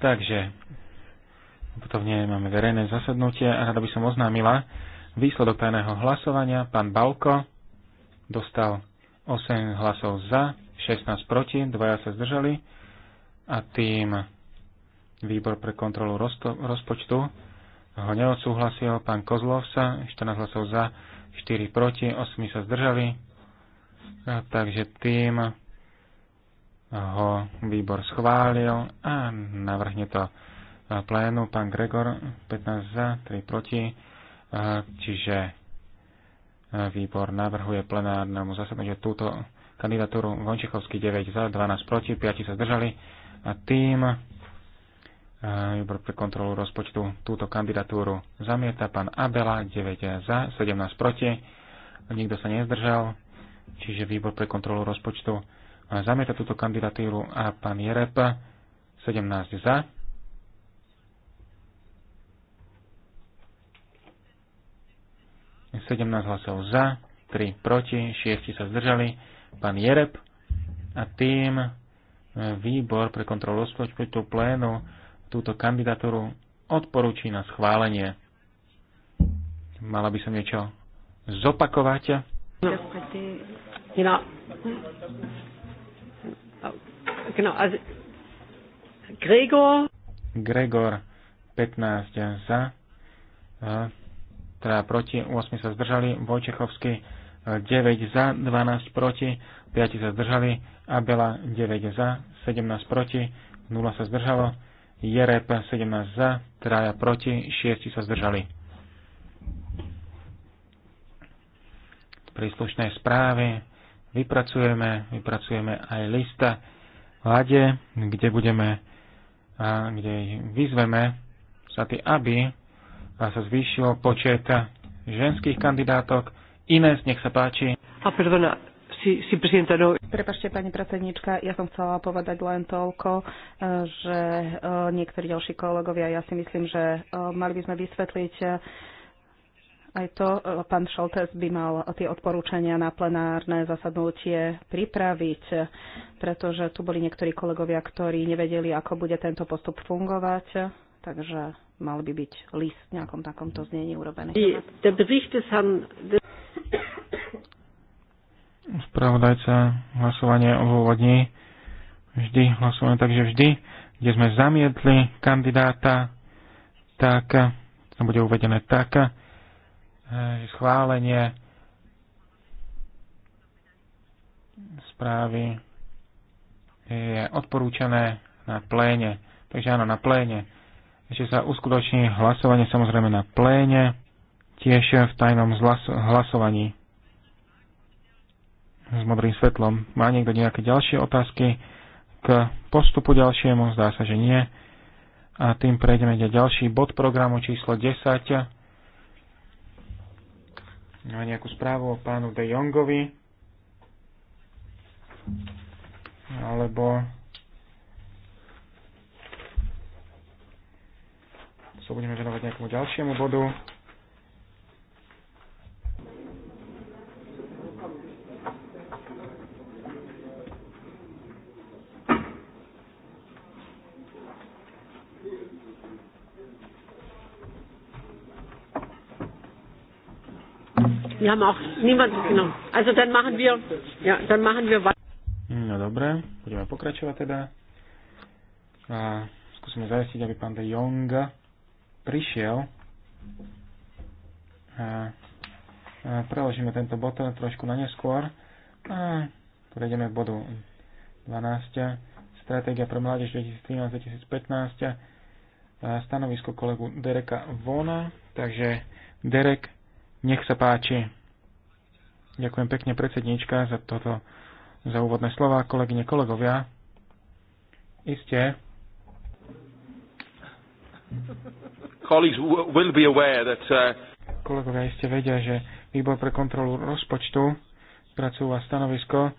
Takže, nie máme verejné zasadnutie a rada by som oznámila výsledok tajného hlasovania. Pán Balko dostal 8 hlasov za, 16 proti, dvaja sa zdržali a tým výbor pre kontrolu rozpočtu ho neodsúhlasil. Pán Kozlov sa 14 hlasov za, 4 proti, 8 sa zdržali. A takže tým ho výbor schválil a navrhne to plénu. Pán Gregor 15 za, 3 proti, čiže výbor navrhuje plenárnemu zasadnutiu túto kandidatúru Vončichovský 9 za, 12 proti, 5 sa zdržali a tým výbor pre kontrolu rozpočtu túto kandidatúru zamieta. Pán Abela 9 za, 17 proti, nikto sa nezdržal, čiže výbor pre kontrolu rozpočtu zamieta túto kandidatúru a pán Jerep 17 za. 17 hlasov za, 3 proti, 6 sa zdržali, pán Jereb a tým výbor pre kontrolu rozpočtu plénu túto kandidatúru odporúči na schválenie. Mala by som niečo zopakovať. No. Genau, also Gregor. Gregor 15 za, teda proti, 8 sa zdržali, Vojčechovský 9 e, za, 12 proti, 5 sa zdržali, Abela 9 za, 17 proti, 0 sa zdržalo, Jereb 17 za, 3 proti, 6 sa zdržali. Príslušné správy vypracujeme, vypracujeme aj lista vlade, kde budeme, a kde vyzveme sa tý, aby sa zvýšil počet ženských kandidátok. Inés, nech sa páči. A perdona, si, si prezidenta, do... No- Prepašte, pani predsednička, ja som chcela povedať len toľko, e, že e, niektorí ďalší kolegovia, ja si myslím, že e, mali by sme vysvetliť aj to e, pán Šoltes by mal tie odporúčania na plenárne zasadnutie pripraviť, pretože tu boli niektorí kolegovia, ktorí nevedeli, ako bude tento postup fungovať, takže mal by byť list v nejakom takomto znení urobený. Spravodajca hlasovanie o dôvodní vždy tak, že vždy, kde sme zamietli kandidáta, tak to bude uvedené tak, schválenie správy je odporúčané na pléne. Takže áno, na pléne. Ešte sa uskutoční hlasovanie samozrejme na pléne, tiež v tajnom hlasovaní s modrým svetlom. Má niekto nejaké ďalšie otázky k postupu ďalšiemu? Zdá sa, že nie. A tým prejdeme na ďalší bod programu číslo 10 nejakú správu o pánu De Jongovi alebo sa budeme venovať nejakému ďalšiemu bodu. Wir haben auch niemanden genommen. Also dann machen wir, ja, dann machen wir weiter. No dobre, budeme pokračovať teda. A skúsime zajistiť, aby pán De Jong prišiel. A, a preložíme tento bod trošku na neskôr. A prejdeme k bodu 12. Stratégia pre mládež 2013-2015. Stanovisko kolegu Dereka Vona. Takže Derek, nech sa páči. Ďakujem pekne predsedníčka za toto za úvodné slova, kolegyne, kolegovia. Isté. Uh, kolegovia iste vedia, že výbor pre kontrolu rozpočtu pracúva stanovisko uh,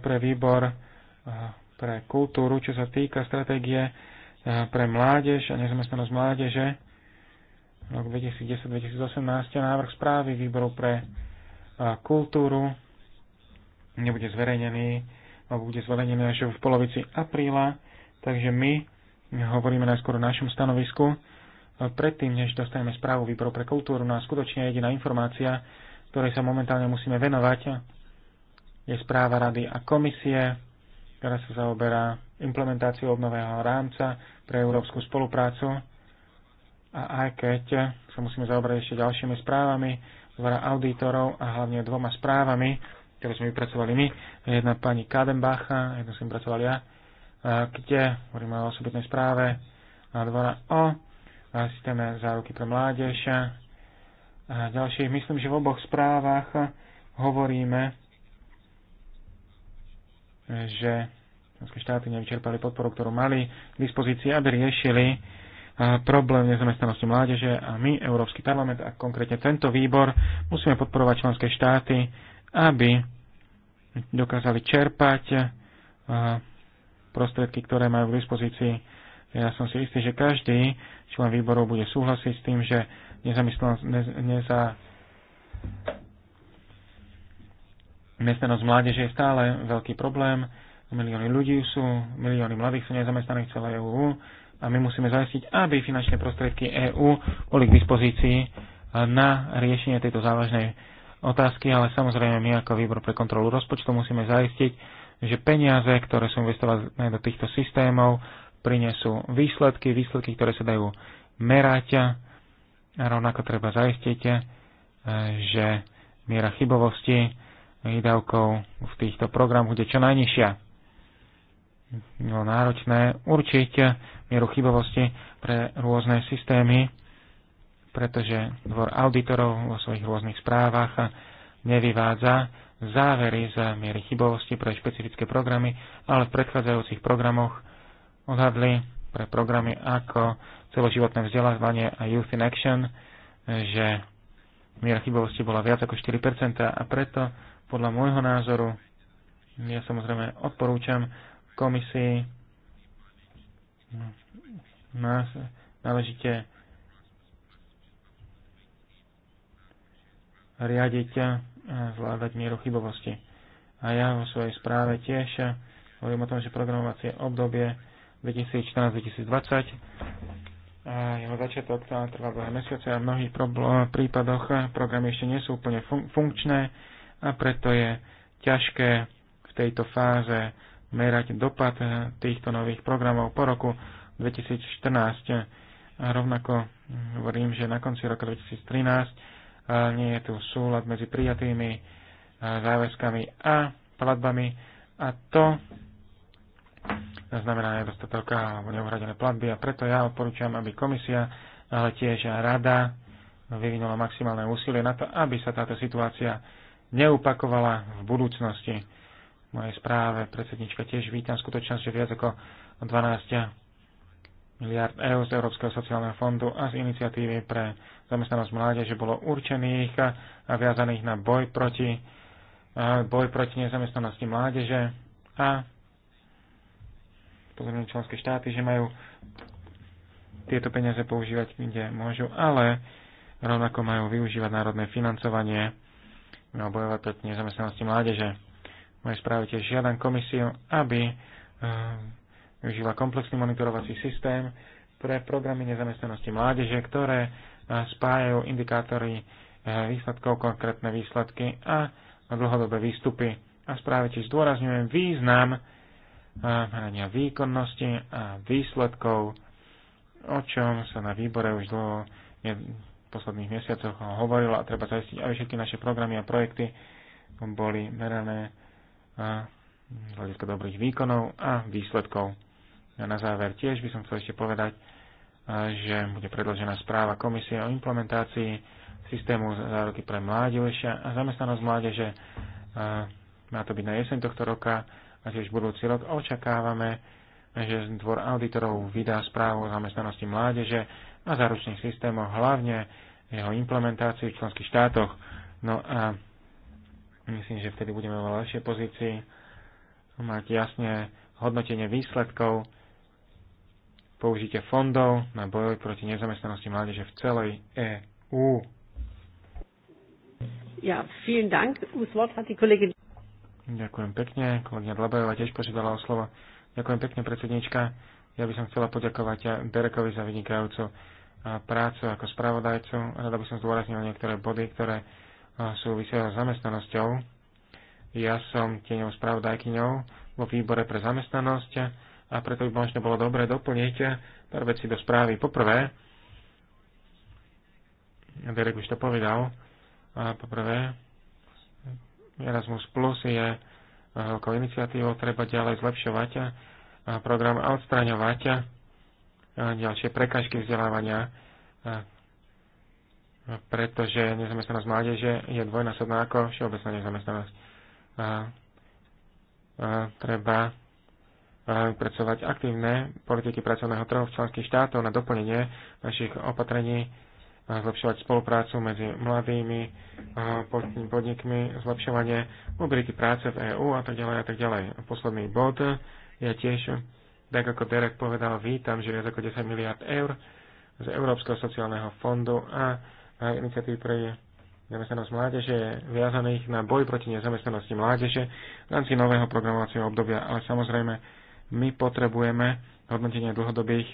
pre výbor uh, pre kultúru, čo sa týka stratégie pre mládež a nezamestnanosť mládeže rok 2010-2018 návrh správy výboru pre kultúru nebude zverejnený alebo bude zverejnený až v polovici apríla, takže my hovoríme najskôr o našom stanovisku. Predtým, než dostaneme správu výboru pre kultúru, no a skutočne jediná informácia, ktorej sa momentálne musíme venovať, je správa rady a komisie, ktorá sa zaoberá implementáciou obnového rámca pre európsku spoluprácu a aj keď sa musíme zaobrať ešte ďalšími správami, dvora auditorov a hlavne dvoma správami, ktoré sme vypracovali my, jedna pani Kadenbacha, a jednu som pracoval ja, kde hovoríme o osobitnej správe dvora o systéme záruky pre mládež a ďalšie. Myslím, že v oboch správach hovoríme, že štáty nevyčerpali podporu, ktorú mali k dispozícii, aby riešili problém nezamestnanosti mládeže a my, Európsky parlament a konkrétne tento výbor, musíme podporovať členské štáty, aby dokázali čerpať prostriedky, ktoré majú k dispozícii. Ja som si istý, že každý člen výboru bude súhlasiť s tým, že nezamestnanosť mládeže je stále veľký problém. Milióny ľudí sú, milióny mladých sú nezamestnaných v celej EÚ a my musíme zaistiť, aby finančné prostriedky EÚ boli k dispozícii na riešenie tejto závažnej otázky, ale samozrejme my ako výbor pre kontrolu rozpočtu musíme zaistiť, že peniaze, ktoré sú investované do týchto systémov, prinesú výsledky, výsledky, ktoré sa dajú merať a rovnako treba zaistiť, eh, že miera chybovosti výdavkov v týchto programoch bude čo najnižšia. Bolo náročné určiť mieru chybovosti pre rôzne systémy, pretože dvor auditorov vo svojich rôznych správach nevyvádza závery za miery chybovosti pre špecifické programy, ale v predchádzajúcich programoch odhadli pre programy ako celoživotné vzdelávanie a Youth in Action, že miera chybovosti bola viac ako 4% a preto podľa môjho názoru ja samozrejme odporúčam komisii náležite riadiť a zvládať mieru chybovosti. A ja vo svojej správe tiež hovorím o tom, že programovacie obdobie 2014-2020 jeho začiatok trvá dlhé mesiace a v mnohých prípadoch programy ešte nie sú úplne fun- funkčné a preto je ťažké v tejto fáze merať dopad týchto nových programov po roku. 2014. A rovnako hovorím, že na konci roka 2013 nie je tu súlad medzi prijatými záväzkami a platbami a to znamená nedostatok alebo neuhradené platby a preto ja odporúčam, aby komisia, ale tiež rada vyvinula maximálne úsilie na to, aby sa táto situácia neupakovala v budúcnosti mojej správe. Predsednička tiež vítam skutočnosť, že viac ako 12 miliard eur z Európskeho sociálneho fondu a z iniciatívy pre zamestnanosť mládeže bolo určených a viazaných na boj proti, boj proti nezamestnanosti mládeže a pozorňujú členské štáty, že majú tieto peniaze používať, kde môžu, ale rovnako majú využívať národné financovanie na bojovať proti nezamestnanosti mládeže. Moje správe tiež žiadam komisiu, aby využíva komplexný monitorovací systém pre programy nezamestnanosti mládeže, ktoré e, spájajú indikátory e, výsledkov, konkrétne výsledky a dlhodobé výstupy. A správe tiež zdôrazňujem význam e, hrania výkonnosti a výsledkov, o čom sa na výbore už dlho v posledných mesiacoch hovorilo a treba zaistiť, aby všetky naše programy a projekty boli merané z hľadiska dobrých výkonov a výsledkov. A na záver tiež by som chcel ešte povedať, e, že bude predložená správa komisie o implementácii systému záruky pre mládež a zamestnanosť mládeže. E, má to byť na jeseň tohto roka a tiež budúci rok očakávame, že dvor auditorov vydá správu o zamestnanosti mládeže a záručných systémoch, hlavne jeho implementácii v členských štátoch. No a myslím, že vtedy budeme v lepšej pozícii mať jasne hodnotenie výsledkov použitia fondov na boj proti nezamestnanosti mládeže v celej EÚ. Ja, vielen Dank. hat die Kollegin. Ďakujem pekne. Kolegyňa Dlabajová tiež požiadala o slovo. Ďakujem pekne, predsednička. Ja by som chcela poďakovať Derekovi za vynikajúcu prácu ako spravodajcu. Rada by som zdôraznil niektoré body, ktoré súvisia s zamestnanosťou. Ja som tieňou spravodajkyňou vo výbore pre zamestnanosť a preto by možno bolo dobre doplniť pár veci do správy. Poprvé, Derek už to povedal, a poprvé, Erasmus Plus je e, veľkou iniciatívou, treba ďalej zlepšovať a program a odstraňovať a ďalšie prekažky vzdelávania, a pretože nezamestnanosť mládeže je dvojnásobná ako všeobecná nezamestnanosť. A, a treba vypracovať aktívne politiky pracovného trhu v členských štátoch na doplnenie našich opatrení, zlepšovať spoluprácu medzi mladými podnikmi, zlepšovanie mobility práce v EÚ a tak ďalej a tak ďalej. A posledný bod, ja tiež, tak ako Derek povedal, vítam, že viac ako 10 miliard eur z Európskeho sociálneho fondu a iniciatívy pre zamestnanosť mládeže je viazaných na boj proti nezamestnanosti mládeže v rámci nového programovacieho obdobia, ale samozrejme my potrebujeme hodnotenie dlhodobých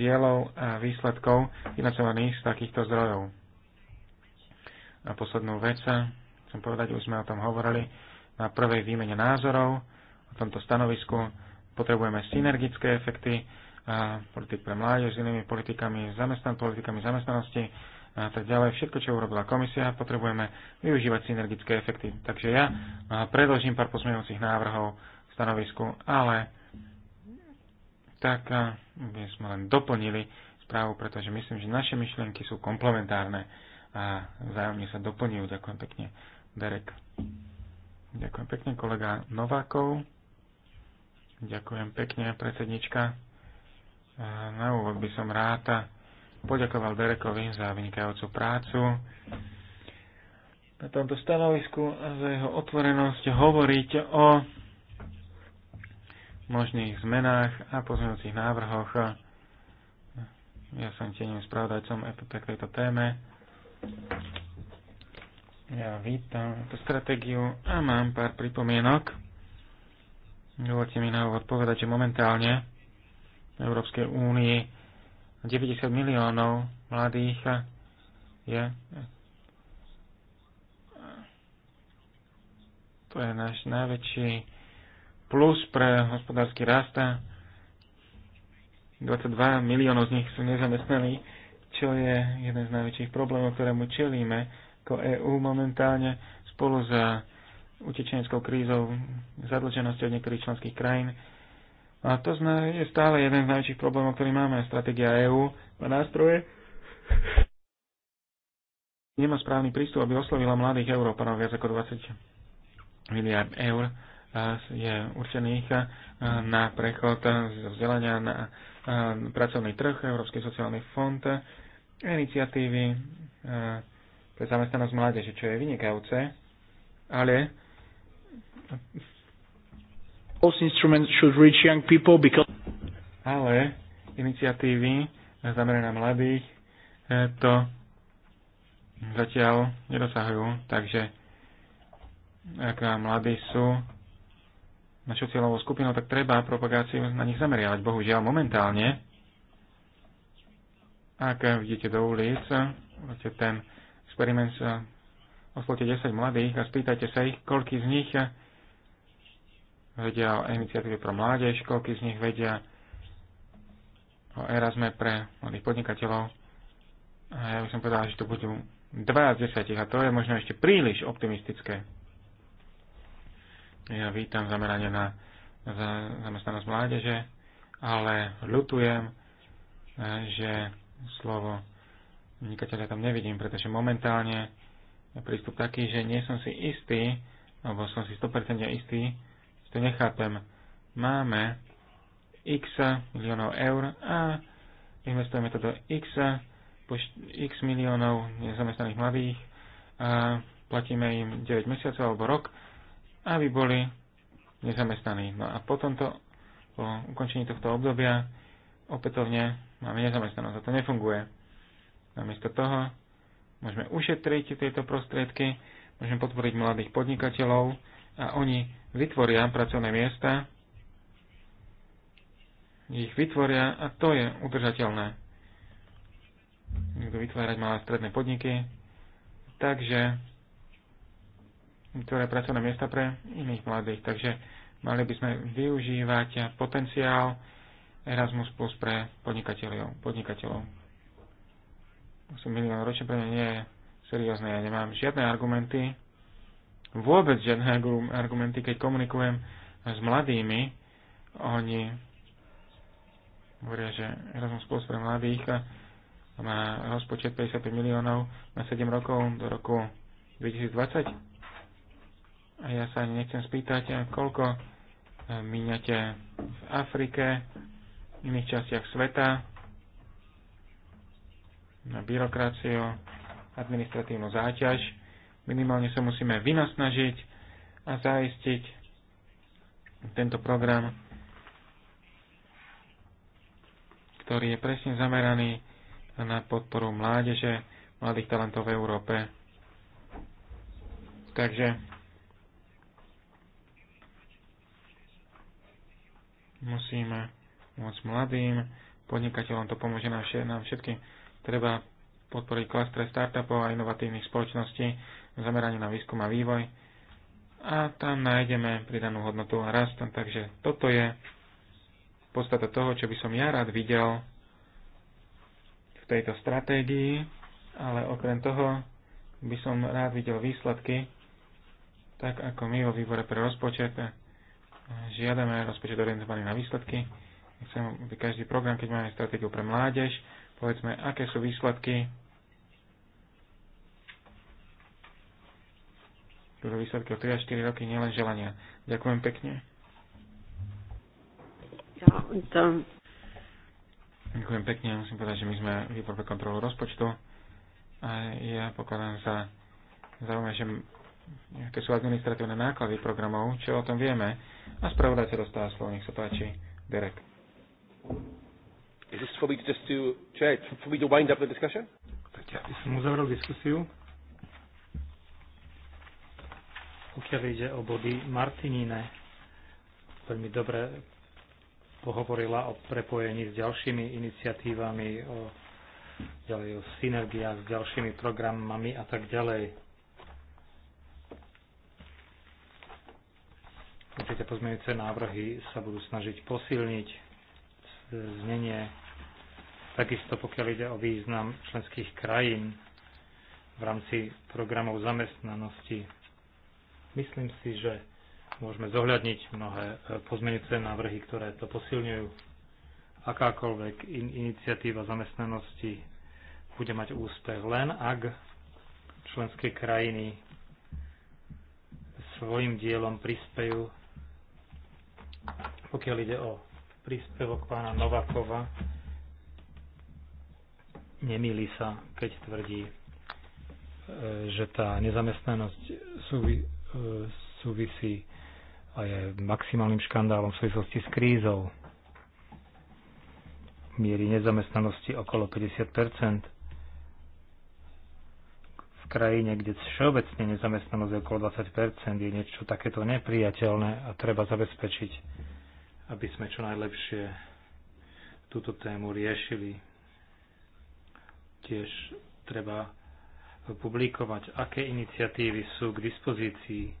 cieľov a výsledkov financovaných z takýchto zdrojov. A poslednú vec, chcem povedať, už sme o tom hovorili na prvej výmene názorov, o tomto stanovisku potrebujeme synergické efekty a politik pre mládež s inými politikami, zamestnan, politikami zamestnanosti a tak ďalej. Všetko, čo urobila komisia, potrebujeme využívať synergické efekty. Takže ja predložím pár pozmeňujúcich návrhov stanovisku, ale tak by sme len doplnili správu, pretože myslím, že naše myšlienky sú komplementárne a vzájomne sa doplňujú. Ďakujem pekne, Derek. Ďakujem pekne, kolega Novákov. Ďakujem pekne, predsednička. Na úvod by som rád poďakoval Derekovi za vynikajúcu prácu na tomto stanovisku a za jeho otvorenosť hovoriť o možných zmenách a pozmeňujúcich návrhoch. Ja som tieňovým spravodajcom EPP k tejto téme. Ja vítam tú stratégiu a mám pár pripomienok. Dovolte mi na úvod povedať, že momentálne v Európskej únii 90 miliónov mladých je to je náš najväčší plus pre hospodársky rast. 22 miliónov z nich sú nezamestnaní, čo je jeden z najväčších problémov, ktorému čelíme ako EÚ momentálne spolu s utečeneckou krízou, zadlženosťou niektorých členských krajín. A to je stále jeden z najväčších problémov, ktorý máme. Stratégia EÚ má nástroje. Nemá správny prístup, aby oslovila mladých Európanov viac ako 20 miliard eur je určených na prechod vzdelania na pracovný trh, Európsky sociálny fond, iniciatívy pre zamestnanosť mládeže, čo je vynikajúce, ale ale iniciatívy zamerané na mladých e, to zatiaľ nedosahujú, takže ak mladí sú našou cieľovou skupinou, tak treba propagáciu na nich zameriavať. Bohužiaľ, momentálne, ak vidíte do ulic, ten experiment oslovte 10 mladých a spýtajte sa ich, koľký z nich vedia o iniciatíve pro mládež, koľký z nich vedia o Erasme pre mladých podnikateľov. A ja by som povedal, že to budú 2 z 10 a to je možno ešte príliš optimistické. Ja vítam zameranie na zamestnanosť mládeže, ale ľutujem, eh, že slovo vnikateľa tam nevidím, pretože momentálne je prístup taký, že nie som si istý, alebo som si 100% istý, že to nechápem. Máme x miliónov eur a investujeme to do x, x miliónov nezamestnaných mladých a platíme im 9 mesiacov alebo rok aby boli nezamestnaní. No a potom to, po ukončení tohto obdobia opätovne máme nezamestnanosť a to nefunguje. Namiesto toho môžeme ušetriť tieto prostriedky, môžeme podporiť mladých podnikateľov a oni vytvoria pracovné miesta, ich vytvoria a to je udržateľné. Niekto vytvárať malé stredné podniky, takže ktoré pracovné miesta pre iných mladých. Takže mali by sme využívať potenciál Erasmus Plus pre podnikateľov. podnikateľov. 8 miliónov ročne pre mňa nie je seriózne. Ja nemám žiadne argumenty, vôbec žiadne argumenty, keď komunikujem s mladými. Oni hovoria, že Erasmus Plus pre mladých má rozpočet 55 miliónov na 7 rokov do roku 2020 a ja sa ani nechcem spýtať, eh, koľko eh, míňate v Afrike, v iných častiach sveta, na byrokraciu, administratívnu záťaž. Minimálne sa musíme vynasnažiť a zaistiť tento program, ktorý je presne zameraný na podporu mládeže, mladých talentov v Európe. Takže Musíme pomôcť mladým, podnikateľom to pomôže nám, nám všetkým. Treba podporiť klastre startupov a inovatívnych spoločností, zameranie na výskum a vývoj. A tam nájdeme pridanú hodnotu a rast. Takže toto je podstata toho, čo by som ja rád videl v tejto stratégii, ale okrem toho by som rád videl výsledky, tak ako my vo výbore pre rozpočet žiadame rozpočet orientovaný na výsledky. Chcem, aby každý program, keď máme stratégiu pre mládež, povedzme, aké sú výsledky. Sú výsledky o 3 až 4 roky, nielen želania. Ďakujem pekne. Ďakujem pekne. Musím povedať, že my sme výbor pre kontrolu rozpočtu. A ja pokladám sa, zaujímavé, že aké sú administratívne náklady programov, čo o tom vieme. A spravodajca dostáva slovo, nech sa páči. Derek. Is this for me just to, chair, for me to wind up the discussion? Tak ja by som uzavrel diskusiu. Pokiaľ ide o body Martinine, veľmi dobre pohovorila o prepojení s ďalšími iniciatívami, o, ďalej o synergiách s ďalšími programami a tak ďalej Určite pozmeňujúce návrhy sa budú snažiť posilniť znenie, takisto pokiaľ ide o význam členských krajín v rámci programov zamestnanosti. Myslím si, že môžeme zohľadniť mnohé e, pozmeňujúce návrhy, ktoré to posilňujú. Akákoľvek in- iniciatíva zamestnanosti bude mať úspech len ak členské krajiny svojim dielom prispejú pokiaľ ide o príspevok pána Novakova, nemýli sa, keď tvrdí, e, že tá nezamestnanosť súvi, e, súvisí a je maximálnym škandálom v súvislosti s krízou. Miery nezamestnanosti okolo 50 krajine, kde všeobecne nezamestnanosť je okolo 20%, je niečo takéto nepriateľné a treba zabezpečiť, aby sme čo najlepšie túto tému riešili. Tiež treba publikovať, aké iniciatívy sú k dispozícii e,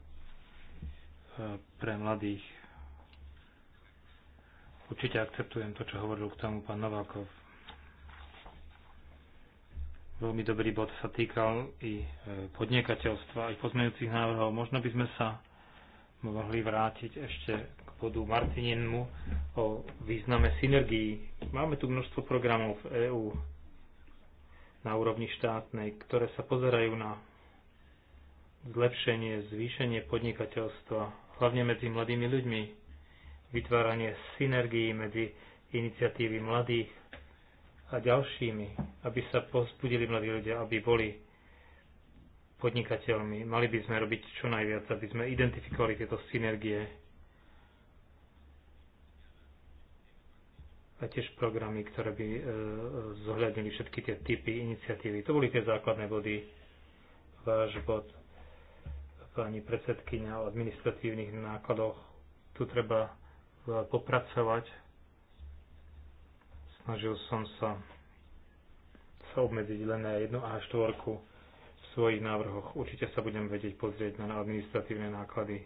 pre mladých. Určite akceptujem to, čo hovoril k tomu pán Novákov. Veľmi dobrý bod sa týkal i e, podnikateľstva, aj pozmeňujúcich návrhov. Možno by sme sa mohli vrátiť ešte k bodu Martininmu o význame synergií. Máme tu množstvo programov v EÚ na úrovni štátnej, ktoré sa pozerajú na zlepšenie, zvýšenie podnikateľstva, hlavne medzi mladými ľuďmi, vytváranie synergií medzi iniciatívy mladých a ďalšími, aby sa pozbudili mladí ľudia, aby boli podnikateľmi. Mali by sme robiť čo najviac, aby sme identifikovali tieto synergie a tiež programy, ktoré by e, e zohľadnili všetky tie typy iniciatívy. To boli tie základné body. Váš bod, pani predsedkynia o administratívnych nákladoch, tu treba e, popracovať Snažil som sa sa obmedziť len na jednu a štvorku v svojich návrhoch. Určite sa budem vedieť pozrieť na administratívne náklady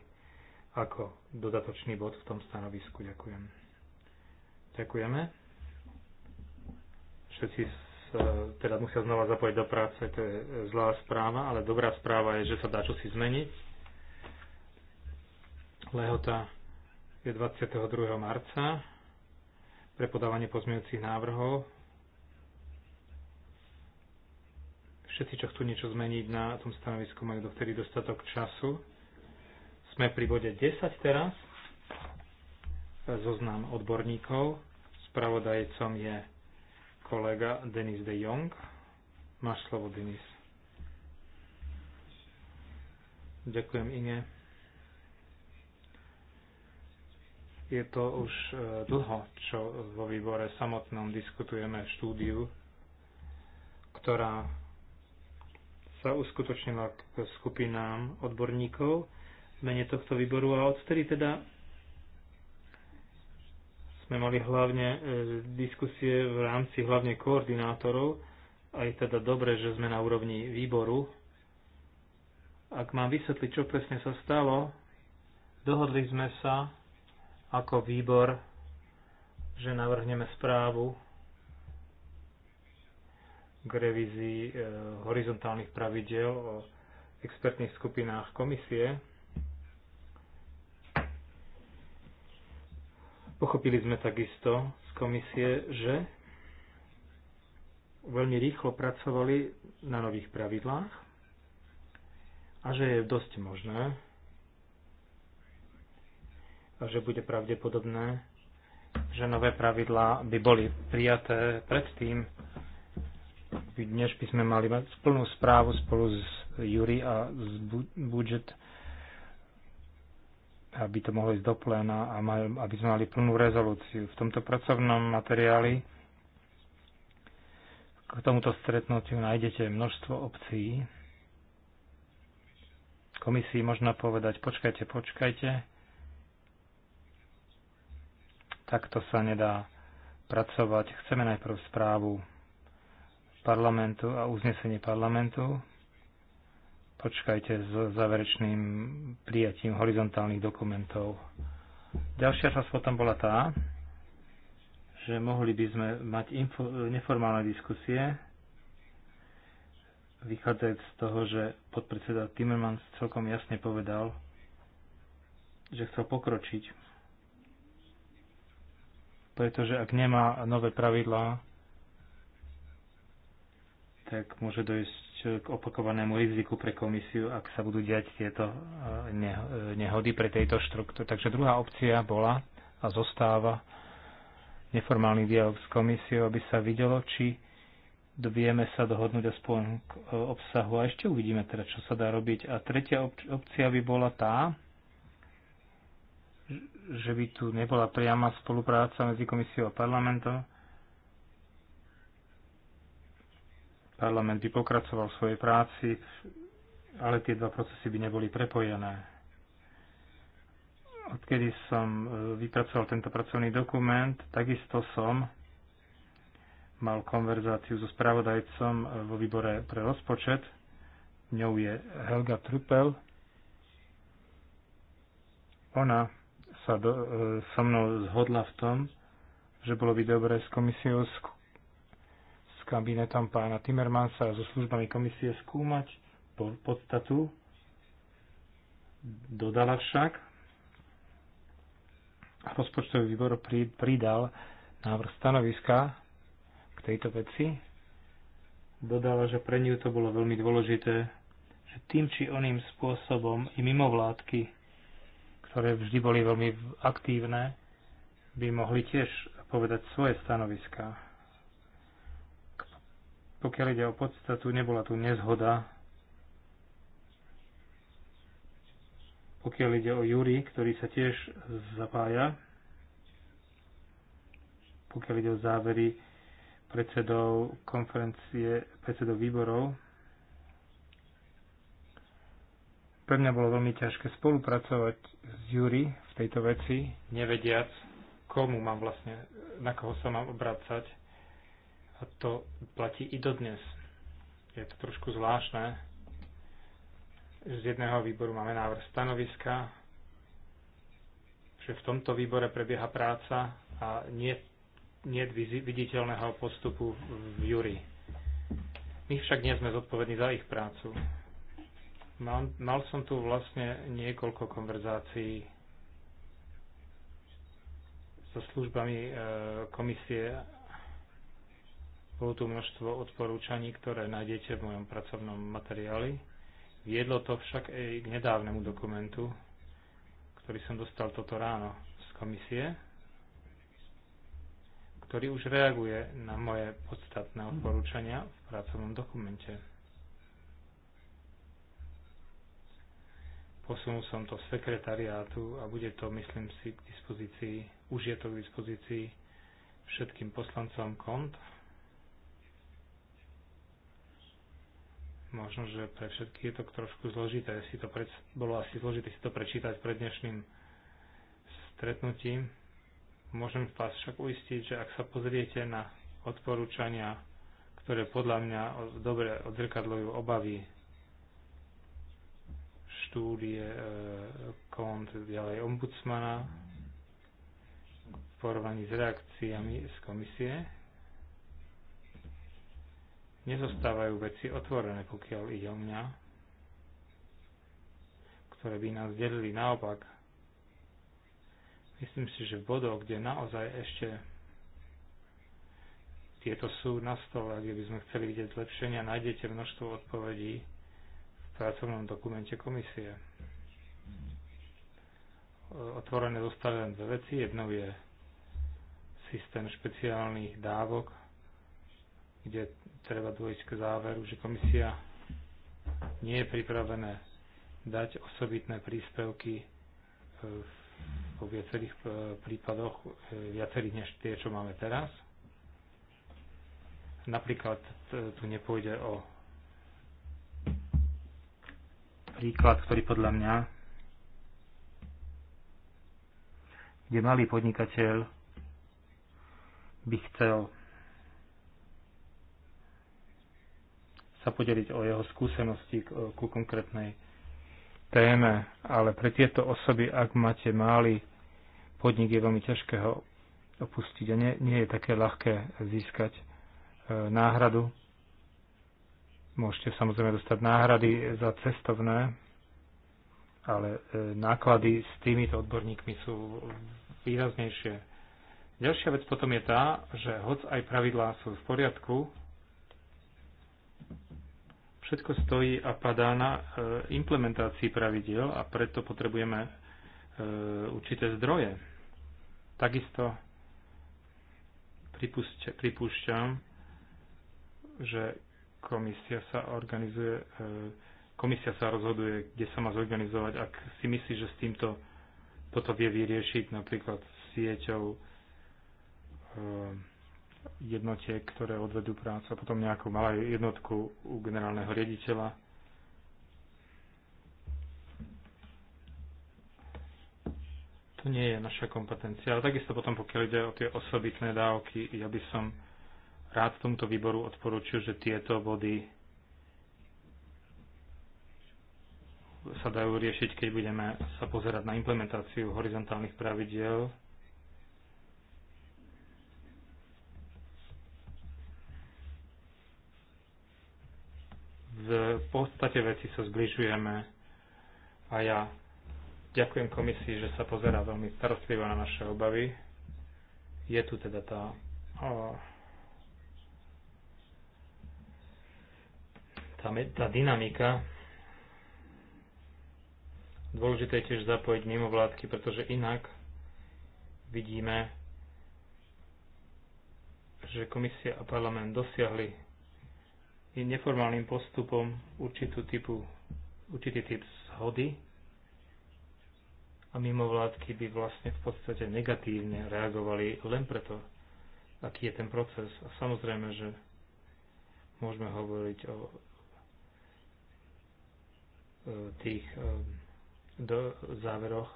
ako dodatočný bod v tom stanovisku. Ďakujem. Ďakujeme. Všetci sa teda musia znova zapojiť do práce, to je zlá správa, ale dobrá správa je, že sa dá čosi zmeniť. Lehota je 22. marca pre podávanie pozmeňujúcich návrhov. Všetci, čo chcú niečo zmeniť na tom stanovisku, majú dovtedy dostatok času. Sme pri bode 10 teraz. Zoznam odborníkov. Spravodajcom je kolega Denis de Jong. Máš slovo, Denis. Ďakujem, Inge. Je to už e, dlho, čo vo výbore samotnom diskutujeme štúdiu, ktorá sa uskutočnila k skupinám odborníkov v mene tohto výboru a odtedy teda sme mali hlavne e, diskusie v rámci hlavne koordinátorov a je teda dobre, že sme na úrovni výboru. Ak mám vysvetliť, čo presne sa stalo, dohodli sme sa ako výbor, že navrhneme správu k revízii e, horizontálnych pravidel o expertných skupinách komisie. Pochopili sme takisto z komisie, že veľmi rýchlo pracovali na nových pravidlách a že je dosť možné, že bude pravdepodobné, že nové pravidlá by boli prijaté predtým, než by sme mali mať plnú správu spolu s Juri a z budžet, aby to mohlo ísť do pléna a aby sme mali plnú rezolúciu. V tomto pracovnom materiáli k tomuto stretnutiu nájdete množstvo obcí. Komisii možno povedať, počkajte, počkajte, Takto sa nedá pracovať. Chceme najprv správu parlamentu a uznesenie parlamentu. Počkajte s záverečným prijatím horizontálnych dokumentov. Ďalšia časť potom bola tá, že mohli by sme mať info, neformálne diskusie, vychádzajúc z toho, že podpredseda Timmermans celkom jasne povedal, že chcel pokročiť pretože ak nemá nové pravidlá, tak môže dojsť k opakovanému riziku pre komisiu, ak sa budú diať tieto eh, eh, nehody pre tejto štruktúre. Takže druhá opcia bola a zostáva neformálny dialog s komisiou, aby sa videlo, či vieme sa dohodnúť aspoň k eh, obsahu a ešte uvidíme teda, čo sa dá robiť. A tretia opcia by bola tá, že by tu nebola priama spolupráca medzi komisiou a parlamentom. Parlament by pokračoval v svojej práci, ale tie dva procesy by neboli prepojené. Odkedy som e, vypracoval tento pracovný dokument, takisto som mal konverzáciu so spravodajcom e, vo výbore pre rozpočet. Ňou je Helga Truppel. Ona sa do, e, so mnou zhodla v tom, že bolo by dobré s komisiou, s, s kabinetom pána Timmermansa a so službami komisie skúmať po, podstatu. Dodala však a rozpočtový výbor pri, pridal návrh stanoviska k tejto veci. Dodala, že pre ňu to bolo veľmi dôležité, že tým či oným spôsobom i mimovládky ktoré vždy boli veľmi aktívne, by mohli tiež povedať svoje stanoviská. Pokiaľ ide o podstatu, nebola tu nezhoda. Pokiaľ ide o Júri, ktorý sa tiež zapája, pokiaľ ide o závery predsedov konferencie, predsedov výborov, Pre mňa bolo veľmi ťažké spolupracovať s Jury v tejto veci, nevediac, komu mám vlastne, na koho sa mám obracať. A to platí i dodnes. Je to trošku zvláštne. Z jedného výboru máme návrh stanoviska, že v tomto výbore prebieha práca a nie, nie viditeľného postupu v Jury. My však nie sme zodpovední za ich prácu. Mal, mal som tu vlastne niekoľko konverzácií so službami e, komisie. Bolo tu množstvo odporúčaní, ktoré nájdete v mojom pracovnom materiáli. Viedlo to však aj k nedávnemu dokumentu, ktorý som dostal toto ráno z komisie, ktorý už reaguje na moje podstatné odporúčania v pracovnom dokumente. Posunul som to sekretariátu a bude to, myslím si, k dispozícii, už je to k dispozícii všetkým poslancom kont. Možno, že pre všetky je to trošku zložité. Si to pred, bolo asi zložité si to prečítať pred dnešným stretnutím. Môžem vás však uistiť, že ak sa pozriete na odporúčania, ktoré podľa mňa dobre odzrkadľujú obavy štúdie e, kont ďalej ombudsmana v porovnaní s reakciami z komisie. Nezostávajú veci otvorené, pokiaľ ide o mňa, ktoré by nás delili naopak. Myslím si, že v bodoch, kde naozaj ešte tieto sú na stole kde by sme chceli vidieť zlepšenia, nájdete množstvo odpovedí pracovnom dokumente komisie. Otvorené zostali len dve veci. Jednou je systém špeciálnych dávok, kde treba dôjsť k záveru, že komisia nie je pripravené dať osobitné príspevky e, vo viacerých e, prípadoch, e, viacerých než tie, čo máme teraz. Napríklad tu nepôjde o príklad, ktorý podľa mňa, kde malý podnikateľ by chcel sa podeliť o jeho skúsenosti ku konkrétnej téme, ale pre tieto osoby, ak máte malý podnik, je veľmi ťažké ho opustiť a nie, nie je také ľahké získať e, náhradu Môžete samozrejme dostať náhrady za cestovné, ale e, náklady s týmito odborníkmi sú výraznejšie. Ďalšia vec potom je tá, že hoc aj pravidlá sú v poriadku, všetko stojí a padá na e, implementácii pravidiel a preto potrebujeme e, určité zdroje. Takisto pripúšťam, že komisia sa organizuje, e, komisia sa rozhoduje, kde sa má zorganizovať, ak si myslí, že s týmto toto vie vyriešiť napríklad sieťou e, jednotiek, ktoré odvedú prácu a potom nejakú malú jednotku u generálneho riaditeľa. To nie je naša kompetencia. Ale takisto potom, pokiaľ ide o tie osobitné dávky, ja by som rád tomto výboru odporúčil, že tieto body sa dajú riešiť, keď budeme sa pozerať na implementáciu horizontálnych pravidiel. V podstate veci sa zbližujeme a ja ďakujem komisii, že sa pozerá veľmi starostlivo na naše obavy. Je tu teda tá tá, tá dynamika. Dôležité je tiež zapojiť mimovládky, pretože inak vidíme, že komisia a parlament dosiahli neformálnym postupom určitú typu, určitý typ zhody a mimovládky by vlastne v podstate negatívne reagovali len preto, aký je ten proces. A samozrejme, že môžeme hovoriť o E, tých e, do záveroch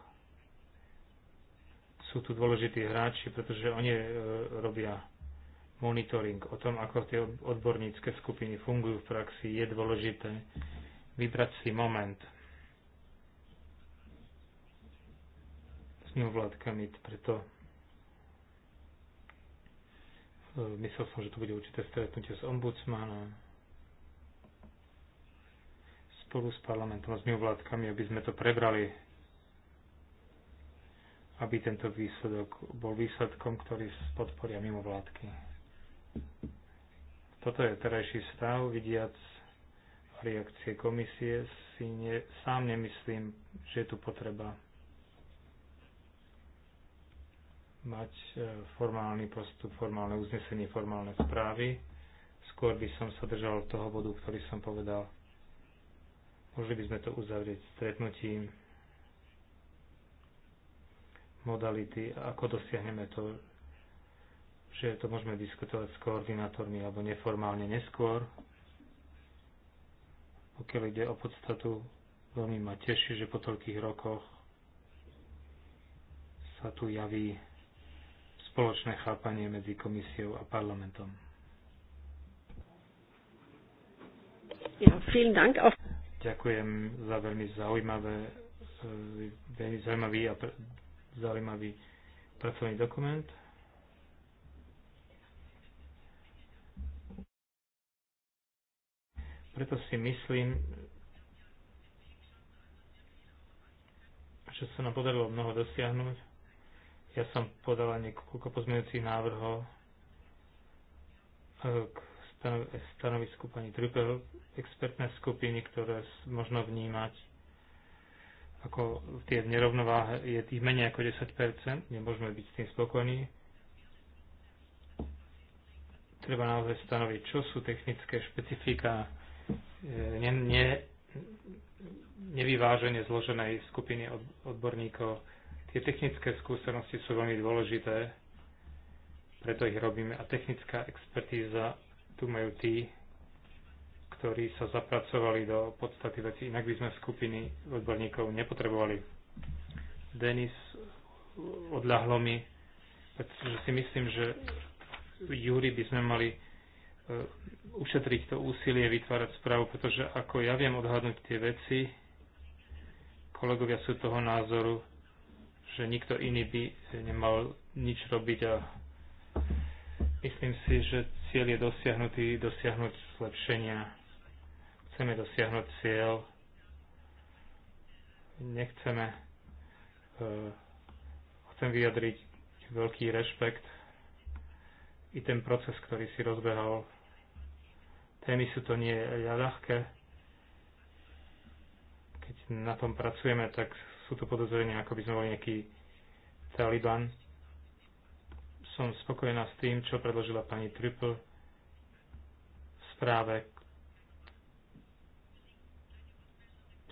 sú tu dôležití hráči, pretože oni e, robia monitoring o tom, ako tie odbornícke skupiny fungujú v praxi, je dôležité vybrať si moment s vládkami, preto myslel som, že tu bude určité stretnutie s ombudsmanom, spolu s parlamentom a s mimovládkami, aby sme to prebrali, aby tento výsledok bol výsledkom, ktorý podporia mimovládky. Toto je terajší stav, vidiac reakcie komisie si ne, sám nemyslím, že je tu potreba mať e, formálny postup, formálne uznesenie, formálne správy. Skôr by som sa držal toho bodu, ktorý som povedal. Mohli by sme to uzavrieť stretnutím modality, ako dosiahneme to, že to môžeme diskutovať s koordinátormi alebo neformálne neskôr. Pokiaľ ide o podstatu, veľmi ma teší, že po toľkých rokoch sa tu javí spoločné chápanie medzi komisiou a parlamentom. Ja, vielen Dank. Ďakujem za veľmi zaujímavé, e, veľmi zaujímavý a pr- zaujímavý pracovný dokument. Preto si myslím, že sa nám podarilo mnoho dosiahnuť. Ja som podala niekoľko pozmeňujúcich návrhov e, k stanovisku pani Trupel, expertné skupiny, ktoré možno vnímať ako tie nerovnováhe je tých menej ako 10%, nemôžeme byť s tým spokojní. Treba naozaj stanoviť, čo sú technické špecifika e, ne, ne, nevyvážene zloženej skupiny od, odborníkov. Tie technické skúsenosti sú veľmi dôležité, preto ich robíme a technická expertíza tu majú tí, ktorí sa zapracovali do podstaty veci, inak by sme skupiny odborníkov nepotrebovali. Denis, odľahlo mi, pretože si myslím, že Júri by sme mali e, ušetriť to úsilie vytvárať správu, pretože ako ja viem odhadnúť tie veci, kolegovia sú toho názoru, že nikto iný by nemal nič robiť a myslím si, že Cieľ je dosiahnutý, dosiahnuť zlepšenia. Chceme dosiahnuť cieľ. Nechceme. Eh, chcem vyjadriť veľký rešpekt i ten proces, ktorý si rozbehal. Témy sú to nie ľahké. Keď na tom pracujeme, tak sú to podozrenia, ako by sme boli nejaký Taliban som spokojná s tým, čo predložila pani Triple v správe,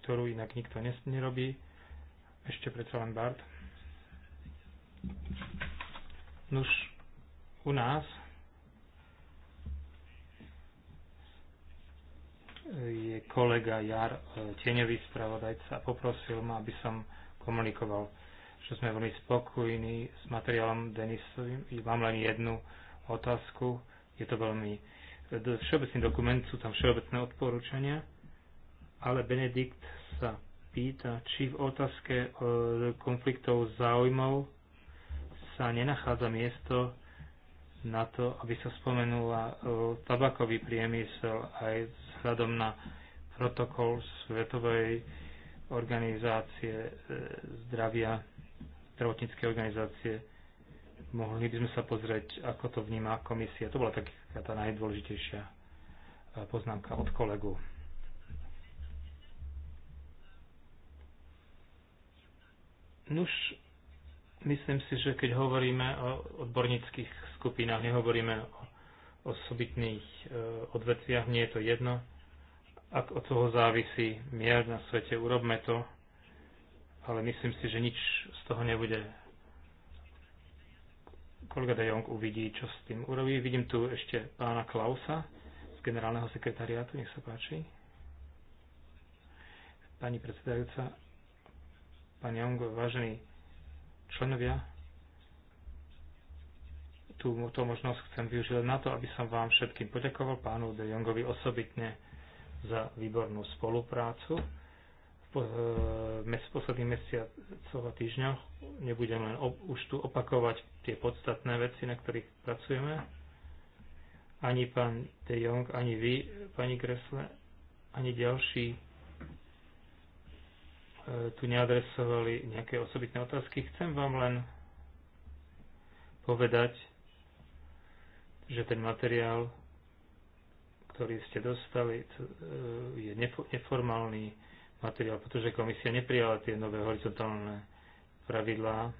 ktorú inak nikto nerobí. Ešte predsa len Bart. Nuž, u nás je kolega Jar, e, tieňový spravodajca, poprosil ma, aby som komunikoval že sme veľmi spokojní s materiálom Denisovým. Mám len jednu otázku. Je to veľmi všeobecný dokument, sú tam všeobecné odporúčania, ale Benedikt sa pýta, či v otázke e, konfliktov záujmov sa nenachádza miesto na to, aby sa spomenula e, tabakový priemysel aj vzhľadom na protokol Svetovej organizácie e, zdravia zdravotnícke organizácie. Mohli by sme sa pozrieť, ako to vníma komisia. To bola taká tá najdôležitejšia e, poznámka od kolegu. Nuž, myslím si, že keď hovoríme o odborníckých skupinách, nehovoríme o osobitných e, odvetviach, nie je to jedno. Ak od toho závisí mier na svete, urobme to ale myslím si, že nič z toho nebude. Kolega De Jong uvidí, čo s tým urobí. Vidím tu ešte pána Klausa z generálneho sekretariátu, nech sa páči. Pani predsedajúca, pán Jong, vážení členovia, tú, tú možnosť chcem využiť na to, aby som vám všetkým poďakoval, pánu De Jongovi osobitne za výbornú spoluprácu E, posledných mesiacoch a týždňoch. Nebudem len op- už tu opakovať tie podstatné veci, na ktorých pracujeme. Ani pán De Jong, ani vy, pani Gresle, ani ďalší e, tu neadresovali nejaké osobitné otázky. Chcem vám len povedať, že ten materiál, ktorý ste dostali, e, je neformálny materiál, pretože komisia neprijala tie nové horizontálne pravidlá.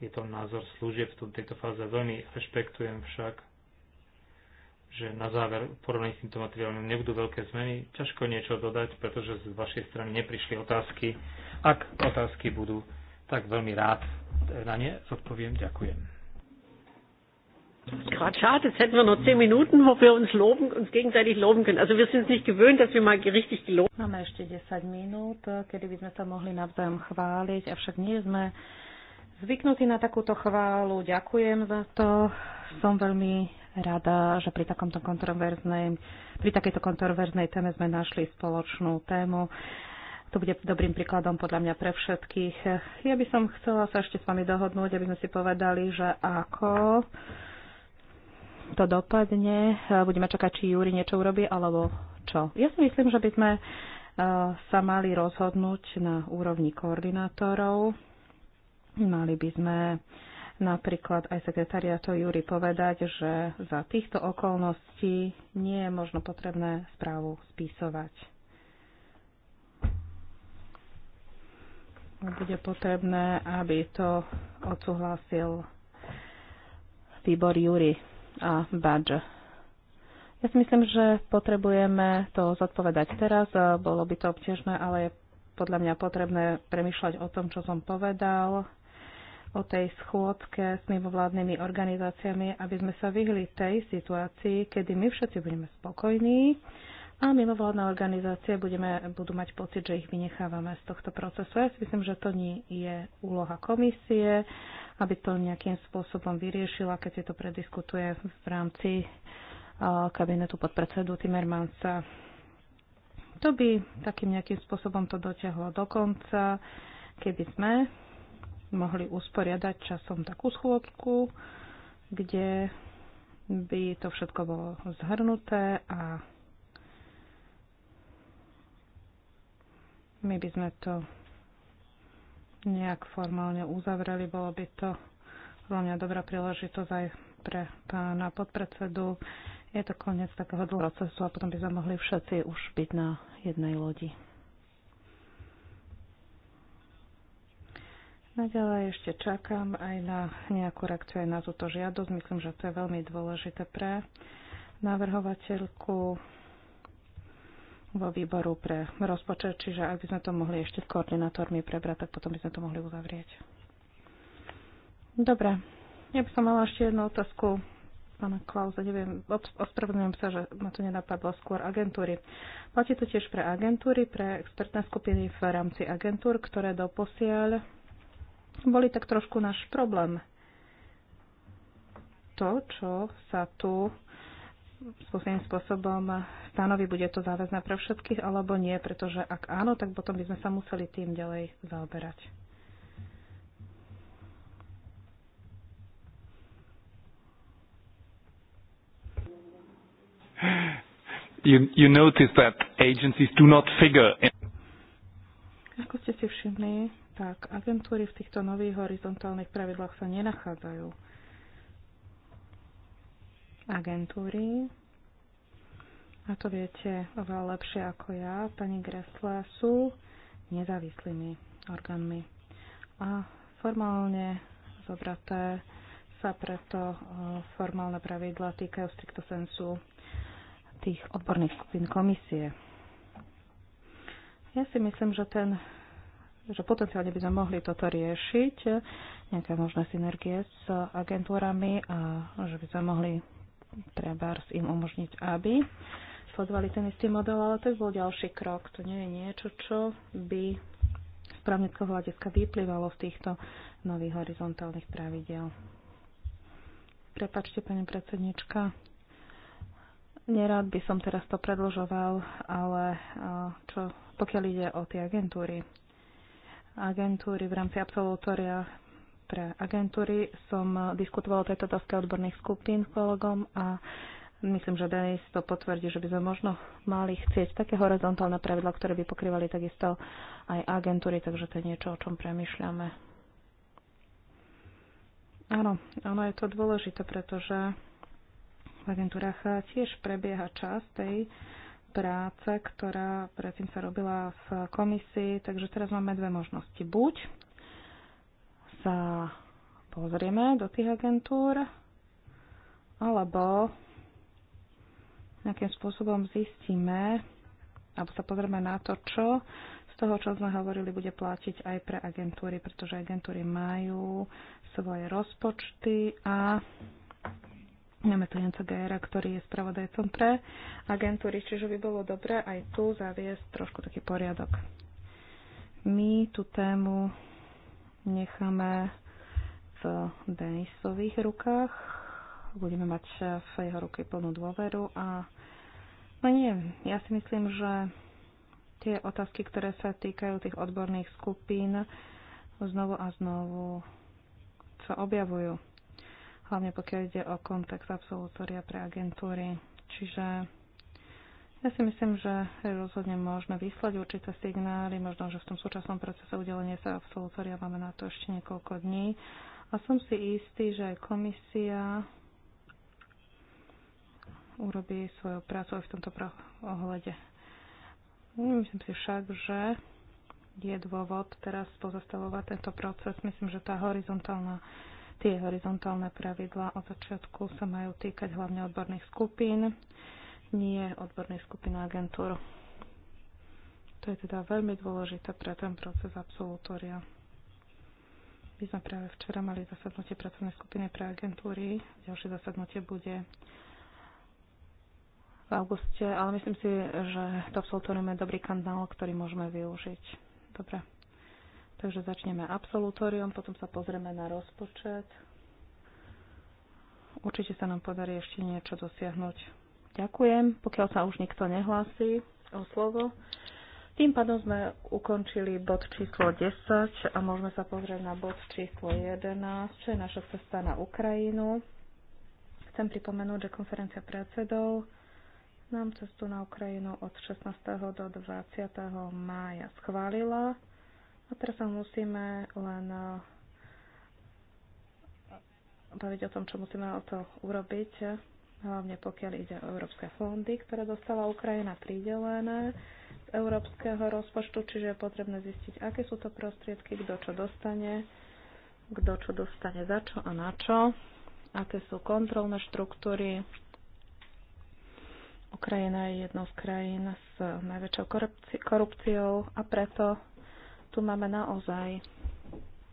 Je to názor služieb v tejto fáze. Veľmi rešpektujem však, že na záver porovnaní s týmto materiálom nebudú veľké zmeny. Ťažko niečo dodať, pretože z vašej strany neprišli otázky. Ak otázky budú, tak veľmi rád na ne zodpoviem. Ďakujem. Gerade schade, jetzt hätten wir noch zehn Minuten, wo wir uns loben, uns gegenseitig loben können. Also wir sind es nicht gewöhnt, dass wir mal richtig gelobt Wir haben ešte 10 minút, kedy by sme sa mohli navzájom chváliť, avšak nie sme zvyknutí na takúto chválu. Ďakujem za to. Som veľmi rada, že pri takomto kontroverznej, pri takejto kontroverznej téme sme našli spoločnú tému. To bude dobrým príkladom podľa mňa pre všetkých. Ja by som chcela sa ešte s vami dohodnúť, aby sme si povedali, že ako to dopadne. Budeme čakať, či Júri niečo urobí, alebo čo. Ja si myslím, že by sme e, sa mali rozhodnúť na úrovni koordinátorov. Mali by sme napríklad aj sekretariato Júri povedať, že za týchto okolností nie je možno potrebné správu spísovať. Bude potrebné, aby to odsúhlasil výbor Júri a badge. Ja si myslím, že potrebujeme to zodpovedať teraz. Bolo by to obtiežné, ale je podľa mňa potrebné premyšľať o tom, čo som povedal, o tej schôdke s mimovládnymi organizáciami, aby sme sa vyhli tej situácii, kedy my všetci budeme spokojní a mimovládne organizácie budeme, budú mať pocit, že ich vynechávame z tohto procesu. Ja si myslím, že to nie je úloha komisie, aby to nejakým spôsobom vyriešila, keď si to prediskutuje v rámci kabinetu podpredsedu Timmermansa. To by takým nejakým spôsobom to dotiahlo do konca, keby sme mohli usporiadať časom takú schôdku, kde by to všetko bolo zhrnuté a My by sme to nejak formálne uzavreli, bolo by to podľa mňa dobrá príležitosť aj pre pána podpredsedu. Je to koniec takého dlhého procesu a potom by sme mohli všetci už byť na jednej lodi. Naďalej ešte čakám aj na nejakú reakciu aj na túto žiadosť. Myslím, že to je veľmi dôležité pre navrhovateľku vo výboru pre rozpočet, čiže ak by sme to mohli ešte s koordinátormi prebrať, tak potom by sme to mohli uzavrieť. Dobre. Ja by som mala ešte jednu otázku pána Klauza. Neviem, ospravedlňujem sa, že ma to nenapadlo skôr agentúry. Platí to tiež pre agentúry, pre expertné skupiny v rámci agentúr, ktoré doposiaľ boli tak trošku náš problém. To, čo sa tu spôsobným spôsobom stanoví, bude to záväzné pre všetkých alebo nie, pretože ak áno, tak potom by sme sa museli tým ďalej zaoberať. You, you notice that agencies do not figure in... Ako ste si všimli, tak agentúry v týchto nových horizontálnych pravidlách sa nenachádzajú agentúry. A to viete oveľa lepšie ako ja. Pani Gressle sú nezávislými orgánmi. A formálne zobraté sa preto e, formálne pravidla týkajú stricto sensu tých odborných skupín komisie. Ja si myslím, že ten že potenciálne by sme mohli toto riešiť, nejaké možné synergie s agentúrami a že by sme mohli treba im umožniť, aby sledovali ten istý model, ale to by bol ďalší krok. To nie je niečo, čo by z právnického hľadiska vyplývalo z týchto nových horizontálnych pravidel. Prepačte, pani predsednička, nerád by som teraz to predlžoval, ale čo, pokiaľ ide o tie agentúry, agentúry v rámci absolutória pre agentúry som e, diskutovala o tejto otázke odborných skupín s kolegom a myslím, že Denis to potvrdí, že by sme možno mali chcieť také horizontálne pravidla, ktoré by pokrývali takisto aj agentúry, takže to je niečo, o čom premyšľame. Áno, ono je to dôležité, pretože v agentúrach tiež prebieha čas tej práce, ktorá predtým sa robila v komisii, takže teraz máme dve možnosti. Buď sa pozrieme do tých agentúr alebo nejakým spôsobom zistíme alebo sa pozrieme na to, čo z toho, čo sme hovorili, bude platiť aj pre agentúry, pretože agentúry majú svoje rozpočty a Máme tu Janca Gajera, ktorý je spravodajcom pre agentúry, čiže by bolo dobré aj tu zaviesť trošku taký poriadok. My tú tému necháme v Denisových rukách. Budeme mať v jeho ruky plnú dôveru a no nie, ja si myslím, že tie otázky, ktoré sa týkajú tých odborných skupín, znovu a znovu sa objavujú. Hlavne pokiaľ ide o kontext absolutória pre agentúry. Čiže ja si myslím, že rozhodne môžeme vyslať určité signály, možno, že v tom súčasnom procese udelenia sa absolutoria máme na to ešte niekoľko dní. A som si istý, že aj komisia urobí svoju prácu aj v tomto ohľade. Myslím si však, že je dôvod teraz pozastavovať tento proces. Myslím, že tá horizontálna Tie horizontálne pravidlá od začiatku sa majú týkať hlavne odborných skupín nie odborný skupinu agentúr. To je teda veľmi dôležité pre ten proces absolutória. My sme práve včera mali zasadnutie pracovnej skupiny pre agentúry. Ďalšie zasadnutie bude v auguste, ale myslím si, že to absolutórium je dobrý kanál, ktorý môžeme využiť. Dobre. Takže začneme absolutórium, potom sa pozrieme na rozpočet. Určite sa nám podarí ešte niečo dosiahnuť Ďakujem, pokiaľ sa už nikto nehlási o slovo. Tým pádom sme ukončili bod číslo 10 a môžeme sa pozrieť na bod číslo 11, čo je naša cesta na Ukrajinu. Chcem pripomenúť, že konferencia predsedov nám cestu na Ukrajinu od 16. do 20. mája schválila a teraz sa musíme len eh, baviť o tom, čo musíme o to urobiť hlavne pokiaľ ide o európske fondy, ktoré dostala Ukrajina pridelené z európskeho rozpočtu, čiže je potrebné zistiť, aké sú to prostriedky, kto čo dostane, kto čo dostane za čo a na čo, aké sú kontrolné štruktúry. Ukrajina je jednou z krajín s najväčšou korupciou a preto tu máme naozaj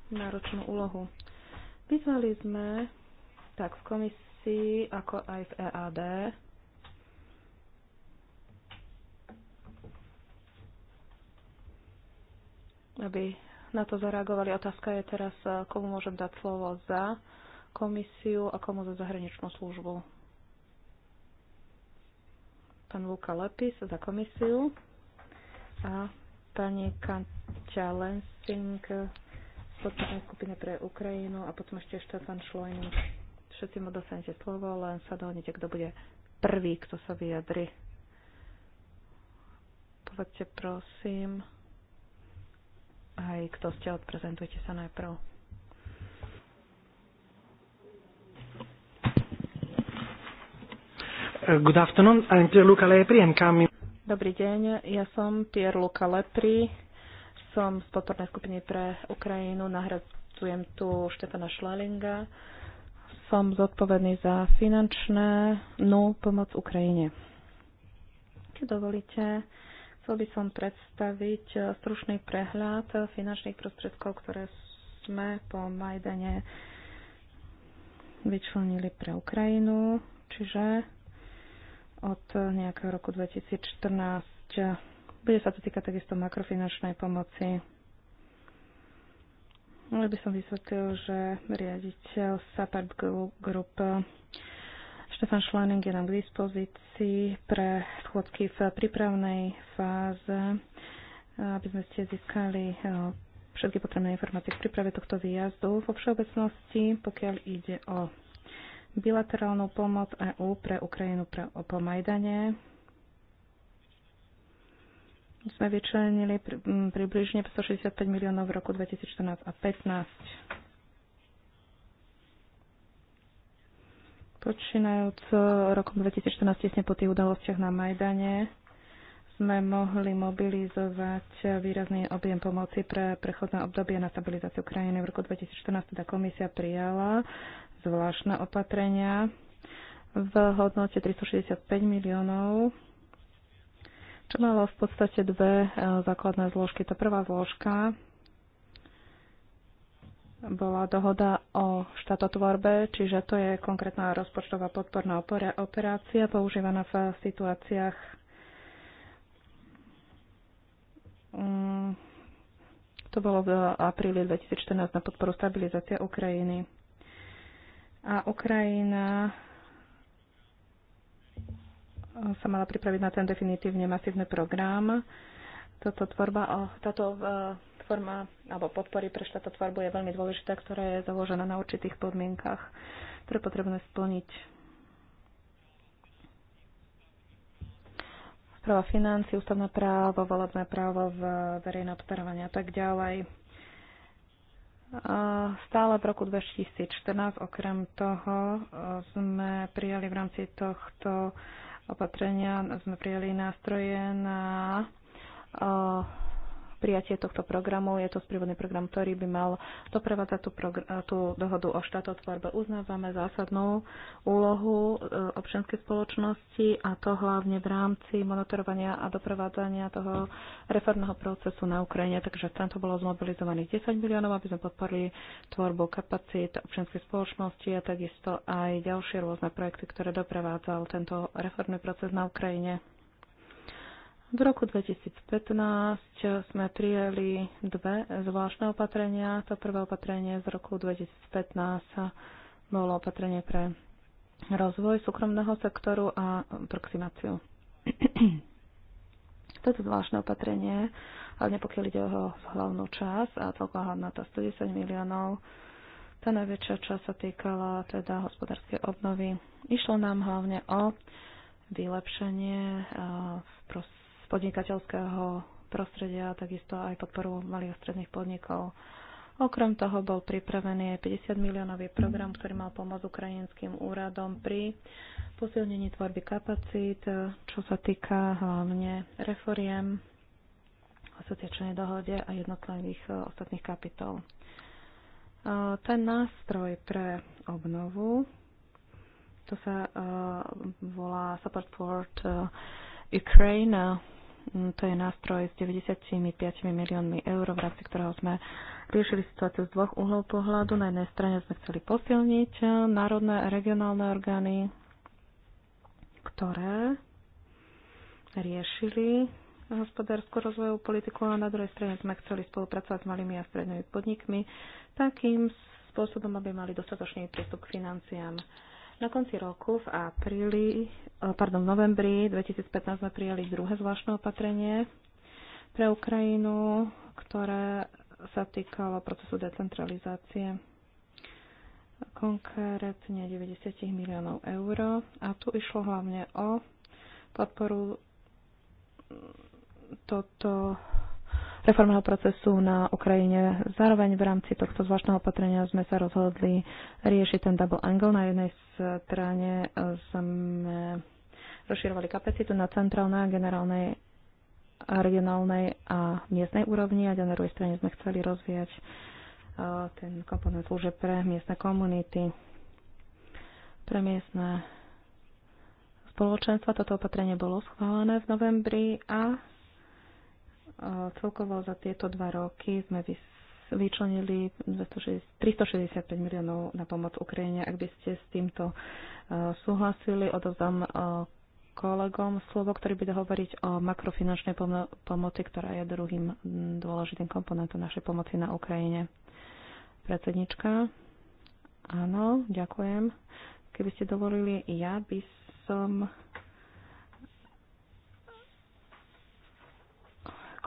náročnú úlohu. Vyzvali sme tak v komisii, komisii, ako aj v EAD. aby na to zareagovali. Otázka je teraz, komu môžem dať slovo za komisiu a komu za zahraničnú službu. Pán Luka Lepis za komisiu a pani Kanča Lensing podpornej pre Ukrajinu a potom ešte Štefan Šlojnik. Všetci mu dostanete slovo, len sa dohodnete, kto bude prvý, kto sa vyjadri. Povedzte prosím, aj kto ste, odprezentujte sa najprv. Good afternoon, I'm Pierre Luca Lepri, I'm coming. Dobrý deň, ja som Pierre Luca Lepri, som z podpornej skupiny pre Ukrajinu, nahradzujem tu Štefana Šlalinga som zodpovedný za finančné no, pomoc Ukrajine. Keď dovolíte, chcel by som predstaviť stručný prehľad finančných prostriedkov, ktoré sme po Majdane vyčlenili pre Ukrajinu, čiže od nejakého roku 2014. Bude sa to týkať takisto makrofinančnej pomoci ja by som vysvetlil, že riaditeľ Sapard Group Štefan Šlaning je nám k dispozícii pre schôdky v prípravnej fáze, aby sme ste získali eh, všetky potrebné informácie k príprave tohto výjazdu. Vo všeobecnosti, pokiaľ ide o bilaterálnu pomoc EÚ pre Ukrajinu pre, po Majdane, sme vyčlenili približne 165 miliónov v roku 2014 a 2015. Počínajúc rokom 2014 tesne po tých udalostiach na Majdane sme mohli mobilizovať výrazný objem pomoci pre prechodné obdobie na stabilizáciu krajiny. V roku 2014 teda komisia prijala zvláštne opatrenia v hodnote 365 miliónov čo malo v podstate dve e, základné zložky. Tá prvá zložka bola dohoda o štatotvorbe, čiže to je konkrétna rozpočtová podporná operácia používaná v situáciách mm, to bolo v apríli 2014 na podporu stabilizácie Ukrajiny. A Ukrajina sa mala pripraviť na ten definitívne masívny program. Toto tvorba, táto forma alebo podpory pre štátnu tvorbu je veľmi dôležitá, ktorá je založená na určitých podmienkach, ktoré je potrebné splniť. Práva financí, ústavné právo, volebné právo, verejné obstarávanie a tak ďalej. Stále v roku 2014 okrem toho e, sme prijali v rámci tohto opatrenia sme prijali nástroje na prijatie tohto programu. Je to sprievodný program, ktorý by mal doprevádzať tú, tú dohodu o štátotvorbe. Uznávame zásadnú úlohu e, občianskej spoločnosti a to hlavne v rámci monitorovania a doprevádzania toho reformného procesu na Ukrajine. Takže tento bolo zmobilizovaných 10 miliónov, aby sme podporili tvorbu kapacít občianskej spoločnosti a takisto aj ďalšie rôzne projekty, ktoré doprevádzal tento reformný proces na Ukrajine. V roku 2015 sme prijeli dve zvláštne opatrenia. To prvé opatrenie z roku 2015 bolo opatrenie pre rozvoj súkromného sektoru a proximáciu. Toto zvláštne opatrenie, hlavne pokiaľ ide o hlavnú časť a celková hodnota 110 miliónov, tá najväčšia časť sa týkala teda hospodárskej obnovy. Išlo nám hlavne o vylepšenie v prostredí podnikateľského prostredia a takisto aj podporu malých a stredných podnikov. Okrem toho bol pripravený 50 miliónový program, ktorý mal pomôcť ukrajinským úradom pri posilnení tvorby kapacít, čo sa týka hlavne reforiem, asociačnej dohode a jednotlivých eh, ostatných kapitol. Eh, ten nástroj pre obnovu, to sa eh, volá Support for Ukraine, Mm, to je nástroj s 95 miliónmi eur, v rámci ktorého sme riešili situáciu z dvoch uhlov pohľadu. Na jednej strane sme chceli posilniť národné a regionálne orgány, ktoré riešili hospodárskú rozvojovú politiku a na druhej strane sme chceli spolupracovať s malými a strednými podnikmi takým spôsobom, aby mali dostatočný prístup k financiám. Na konci roku v apríli, eh, pardon, v novembri 2015 sme prijali druhé zvláštne opatrenie pre Ukrajinu, ktoré sa týkalo procesu decentralizácie konkrétne 90 miliónov eur a tu išlo hlavne o podporu toto reformného procesu na Ukrajine. Zároveň v rámci tohto zvláštneho opatrenia sme sa rozhodli riešiť ten double angle. Na jednej strane e, sme rozširovali kapacitu na centrálnej, generálnej, regionálnej a miestnej úrovni a na druhej strane sme chceli rozvíjať e, ten komponent služieb pre miestne komunity, pre miestne spoločenstva. Toto opatrenie bolo schválené v novembri a Celkovo za tieto dva roky sme vyčlenili 365 miliónov na pomoc Ukrajine. Ak by ste s týmto e, súhlasili, odovzdám e, kolegom slovo, ktorý bude hovoriť o makrofinančnej pomoci, ktorá je druhým dôležitým komponentom našej pomoci na Ukrajine. Predsednička. Áno, ďakujem. Keby ste dovolili, ja by som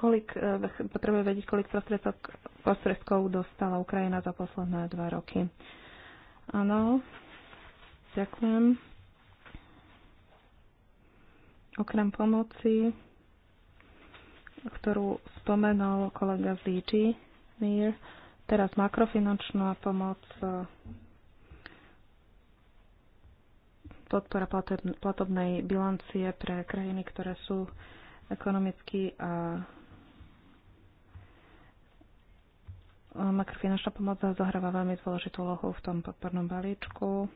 kolik, e, potrebuje vedieť, kolik prostredkov dostala Ukrajina za posledné dva roky. Áno, ďakujem. Okrem pomoci, ktorú spomenul kolega DG, Mir, teraz makrofinančná pomoc, e, podpora platobnej bilancie pre krajiny, ktoré sú ekonomicky a Makrofinančná pomoc zohráva veľmi dôležitú lohu v tom podpornom balíčku,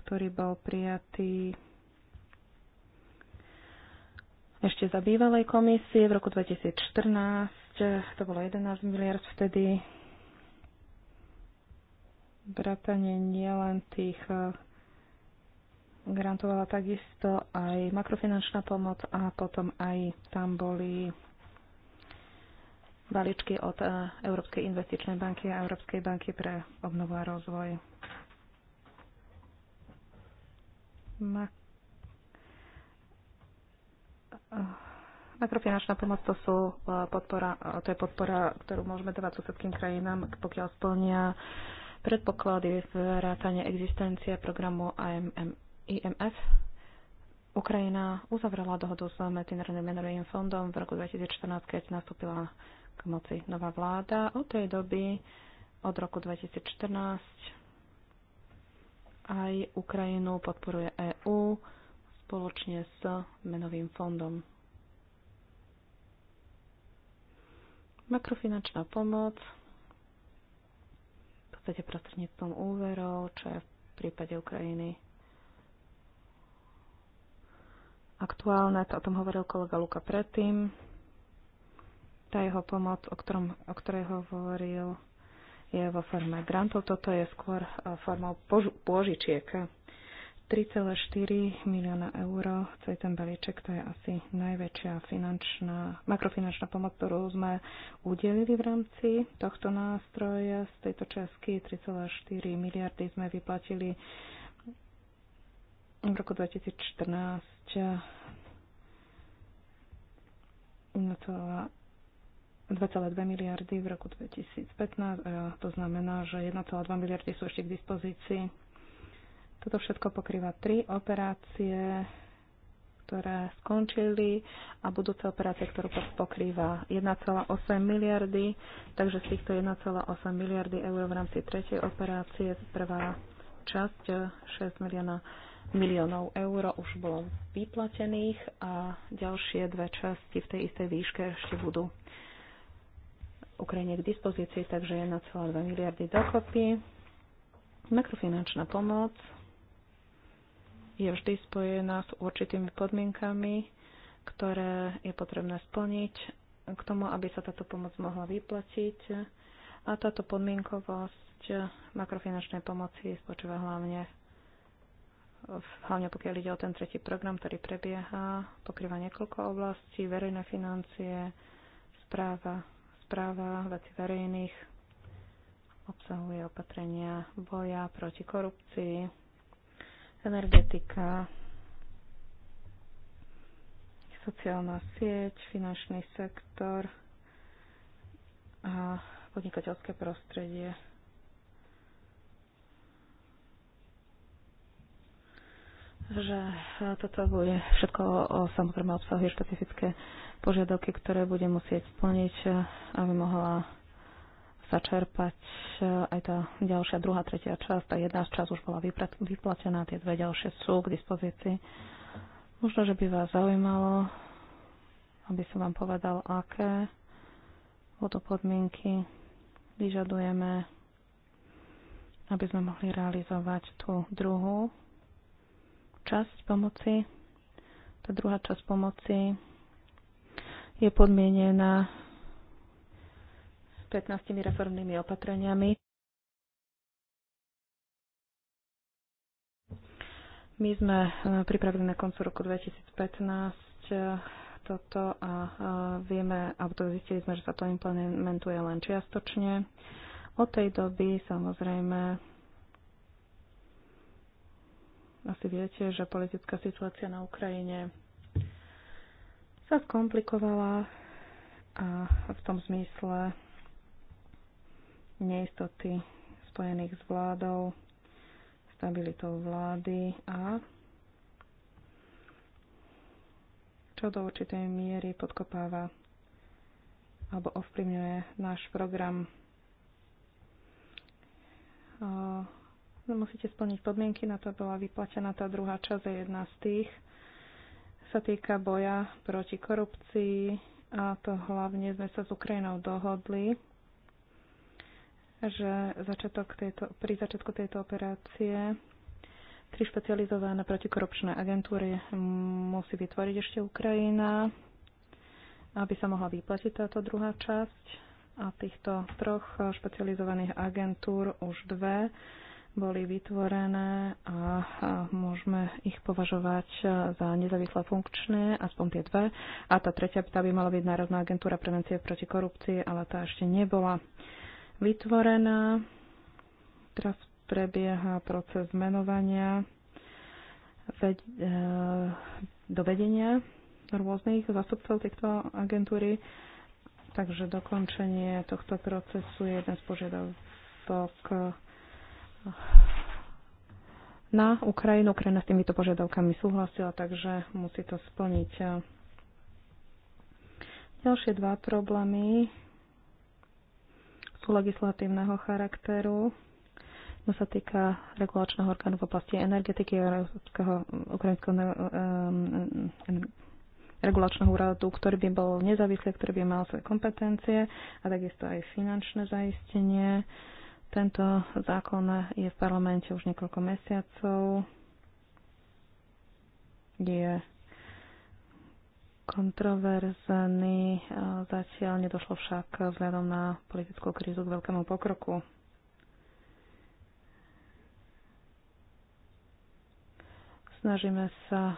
ktorý bol prijatý ešte za bývalej komisie v roku 2014. To bolo 11 miliard vtedy. Bratanie nielen tých e, grantovala takisto aj makrofinančná pomoc a potom aj tam boli balíčky od e, Európskej investičnej banky a Európskej banky pre obnovu a rozvoj. Makrofinančná pomoc to, sú e, podpora, e, to je podpora, ktorú môžeme dávať susedským krajinám, pokiaľ splnia predpoklady rátane existencie programu IMF. Ukrajina uzavrela dohodu s Medzinárodným menorovým fondom v roku 2014, keď nastúpila k moci nová vláda. Od tej doby, od roku 2014, aj Ukrajinu podporuje EÚ spoločne s menovým fondom. Makrofinančná pomoc v podstate prostredníctvom úverov, čo je v prípade Ukrajiny aktuálne, to o tom hovoril kolega Luka predtým. Tá jeho pomoc, o, ktorom, o ktorej hovoril, je vo forme grantov. Toto je skôr e, formou pôžičiek. 3,4 milióna eur, to je ten balíček, to je asi najväčšia finančná, makrofinančná pomoc, ktorú sme udelili v rámci tohto nástroja. Z tejto časky 3,4 miliardy sme vyplatili v roku 2014 2,2 miliardy v roku 2015, to znamená, že 1,2 miliardy sú ešte k dispozícii. Toto všetko pokrýva tri operácie, ktoré skončili a budúce operácie, ktorú pokrýva 1,8 miliardy, takže z týchto 1,8 miliardy eur v rámci tretej operácie prvá časť 6 eh, milióna miliónov eur už bolo vyplatených a ďalšie dve časti v tej istej výške ešte budú Ukrajine k dispozícii, takže 1,2 miliardy dokopy. Makrofinančná pomoc je vždy spojená s určitými podmienkami, ktoré je potrebné splniť k tomu, aby sa táto pomoc mohla vyplatiť. A táto podmienkovosť makrofinančnej pomoci spočíva hlavne hlavne pokiaľ ide o ten tretí program, ktorý prebieha, pokrýva niekoľko oblastí, verejné financie, správa správa veci verejných obsahuje opatrenia boja proti korupcii, energetika, sociálna sieť, finančný sektor a podnikateľské prostredie. že toto bude všetko samozrejme obsahuje špecifické požiadavky, ktoré bude musieť splniť, eh, aby mohla začerpať eh, aj tá ďalšia, druhá, tretia časť. Tá jedna časť už bola vyplatená, tie dve ďalšie sú k dispozícii. Možno, že by vás zaujímalo, aby som vám povedal, aké vodopodmienky vyžadujeme, aby sme mohli realizovať tú druhú časť pomoci. Tá druhá časť pomoci je podmienená 15 reformnými opatreniami. My sme eh, pripravili na koncu roku 2015 eh, toto a eh, vieme, alebo to teda zistili sme, že sa to implementuje len čiastočne. Od tej doby samozrejme asi viete, že politická situácia na Ukrajine sa skomplikovala a v tom zmysle neistoty spojených s vládou, stabilitou vlády a čo do určitej miery podkopáva alebo ovplyvňuje náš program. Musíte splniť podmienky, na to bola vyplatená tá druhá časť je jedna z tých, sa týka boja proti korupcii, a to hlavne sme sa s Ukrajinou dohodli, že začiatok tejto, pri začiatku tejto operácie tri špecializované protikorupčné agentúry musí vytvoriť ešte Ukrajina, aby sa mohla vyplatiť táto druhá časť. A týchto troch špecializovaných agentúr už dve boli vytvorené a môžeme ich považovať za nezávislé funkčné, aspoň tie dve. A tá tretia tá by mala byť Národná agentúra prevencie proti korupcii, ale tá ešte nebola vytvorená. Teraz prebieha proces menovania e, do vedenia rôznych zastupcov týchto agentúry. Takže dokončenie tohto procesu je jeden z požiadavok na Ukrajinu. Ukrajina s týmito požiadavkami súhlasila, takže musí to splniť. Ďalšie dva problémy sú legislatívneho charakteru. No sa týka regulačného orgánu v oblasti energetiky Európskeho, Ukrajinského um, um, regulačného úradu, ktorý by bol nezávislý, ktorý by mal svoje kompetencie a takisto aj finančné zaistenie. Uh, tento zákon je v parlamente už niekoľko mesiacov. Je kontroverzný, zatiaľ nedošlo však vzhľadom na politickú krízu k veľkému pokroku. Snažíme sa,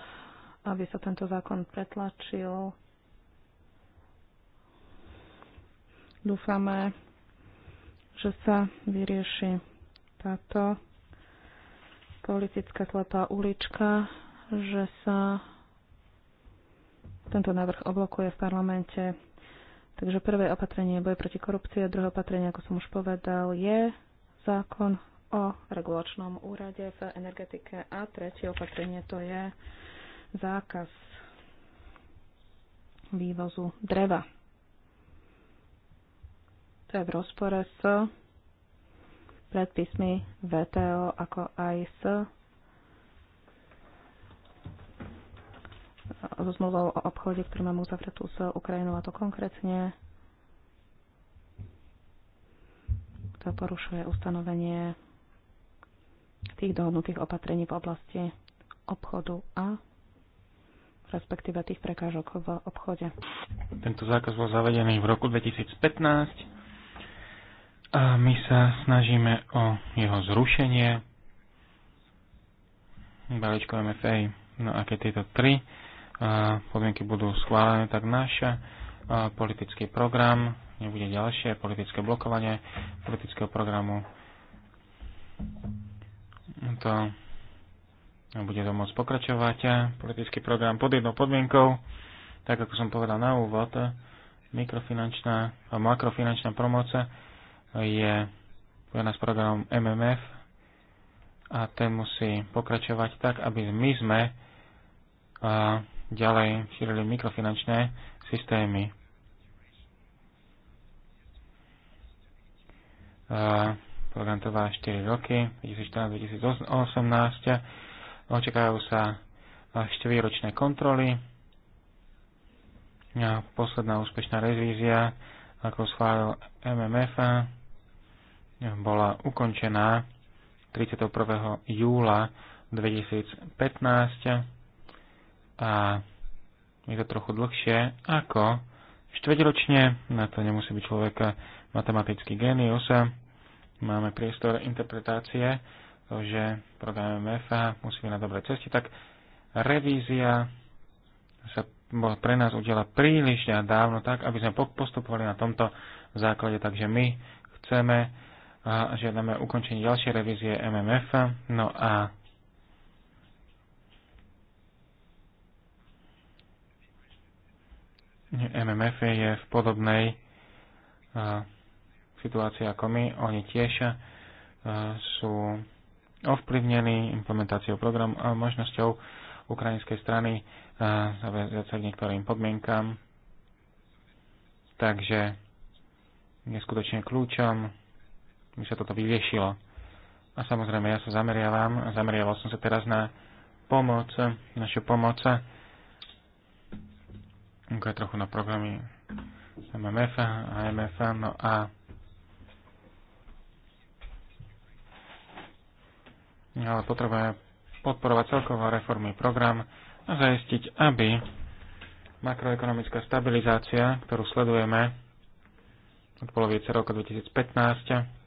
aby sa tento zákon pretlačil. Dúfame, že sa vyrieši táto politická slepá ulička, že sa tento návrh oblokuje v parlamente. Takže prvé opatrenie boje proti korupcii a druhé opatrenie, ako som už povedal, je zákon o regulačnom úrade v energetike a tretie opatrenie to je zákaz vývozu dreva. To je v rozpore s predpismi VTO ako aj s eh, so zmluvou o obchode, ktorý mám uzavretú s Ukrajinou a to konkrétne to porušuje ustanovenie tých dohodnutých opatrení v oblasti obchodu a respektíve tých prekážok v obchode. Tento zákaz bol zavedený v roku 2015 a my sa snažíme o jeho zrušenie balíčko MFA. No a keď tieto tri podmienky budú schválené, tak náš politický program nebude ďalšie politické blokovanie politického programu. To bude to môcť pokračovať. Politický program pod jednou podmienkou, tak ako som povedal na úvod, mikrofinančná a makrofinančná promoce je spojená s programom MMF a ten musí pokračovať tak, aby my sme ďalej šírili mikrofinančné systémy. Program trvá 4 roky, 2014-2018. Očakajú sa 4-ročné kontroly. A posledná úspešná revízia, ako schválil MMF, bola ukončená 31. júla 2015 a je to trochu dlhšie ako štvrťročne, na to nemusí byť človek matematický génius. Máme priestor interpretácie, že program MFA musíme na dobrej ceste, tak revízia sa bola pre nás udiela príliš dávno tak, aby sme postupovali na tomto základe, takže my chceme a žiadame ukončenie ďalšej revízie MMF. No a MMF je v podobnej situácii ako my. Oni tiež sú ovplyvnení implementáciou programu a možnosťou ukrajinskej strany zaviazať sa k niektorým podmienkam. Takže neskutočne kľúčom by sa toto vyriešilo. A samozrejme, ja sa zameriavam, zameriaval som sa teraz na pomoc, našu pomoc, aj trochu na programy MMF a MF, no a ale potrebujeme podporovať celkovo reformný program a zajistiť, aby makroekonomická stabilizácia, ktorú sledujeme od polovice roku 2015,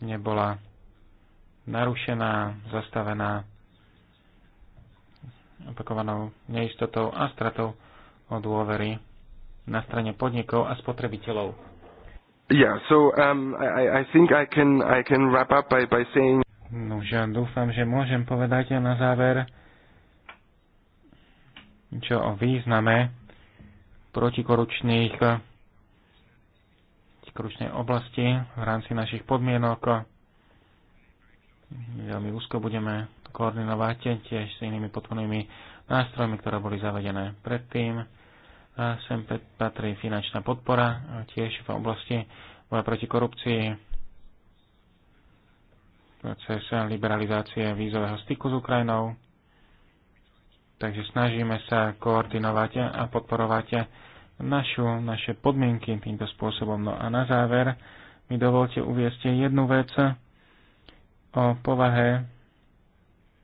nebola narušená, zastavená opakovanou neistotou a stratou o dôvery na strane podnikov a spotrebiteľov. Yeah, so um, I, I think I can, I can wrap up by, by saying... No, že dúfam, že môžem povedať na záver niečo o význame protikorupčných kručnej oblasti v rámci našich podmienok. Veľmi úzko budeme koordinovať tiež s inými podpornými nástrojmi, ktoré boli zavedené predtým. A sem patrí finančná podpora tiež v oblasti boja proti korupcii, proces liberalizácie vízového styku s Ukrajinou. Takže snažíme sa koordinovať a podporovať našu, naše podmienky týmto spôsobom. No a na záver mi dovolte uviesť jednu vec o povahe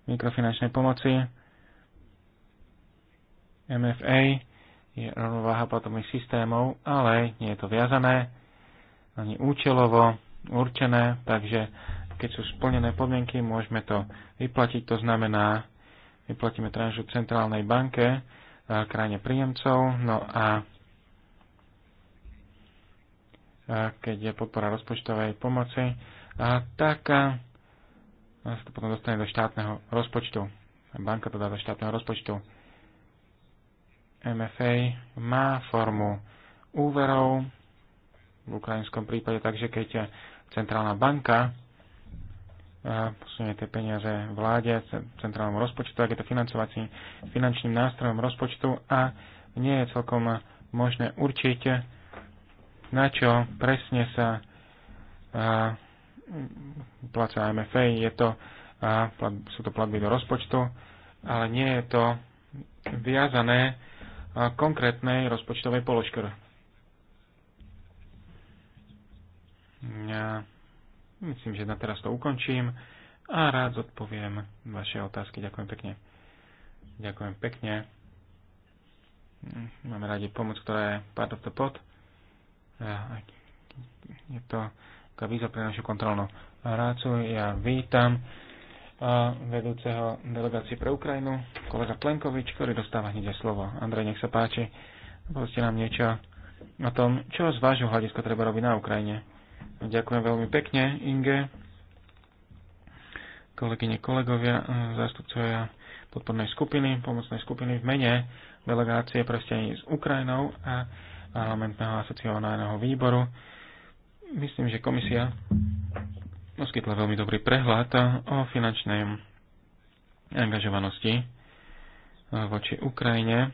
mikrofinančnej pomoci. MFA je rovnováha platobných systémov, ale nie je to viazané ani účelovo určené, takže keď sú splnené podmienky, môžeme to vyplatiť. To znamená, vyplatíme tranžu centrálnej banke, eh, krajine príjemcov, no a keď je podpora rozpočtovej pomoci, tak sa to potom dostane do štátneho rozpočtu. Banka to dá do štátneho rozpočtu. MFA má formu úverov, v ukrajinskom prípade, takže keď centrálna banka posunie tie peniaze vláde, centrálnom rozpočtu, tak je to financovacím, finančným nástrojom rozpočtu a nie je celkom možné určiť, na čo presne sa pláca MFA. Je to, a, sú to platby do rozpočtu, ale nie je to viazané konkrétnej rozpočtovej položke. Ja myslím, že na teraz to ukončím a rád zodpoviem vaše otázky. Ďakujem pekne. Ďakujem pekne. Máme radi pomoc, ktorá je part of the pot. Je to taká pre našu kontrolnú rácu. Ja vítam vedúceho delegácie pre Ukrajinu, kolega Plenkovič, ktorý dostáva hneď slovo. Andrej, nech sa páči, povedzte nám niečo o tom, čo z vášho hľadiska treba robiť na Ukrajine. Ďakujem veľmi pekne, Inge, kolegyne, kolegovia, zástupcovia podpornej skupiny, pomocnej skupiny v mene delegácie pre z Ukrajinou a parlamentného asociovaného výboru. Myslím, že komisia poskytla veľmi dobrý prehľad o finančnej angažovanosti voči Ukrajine.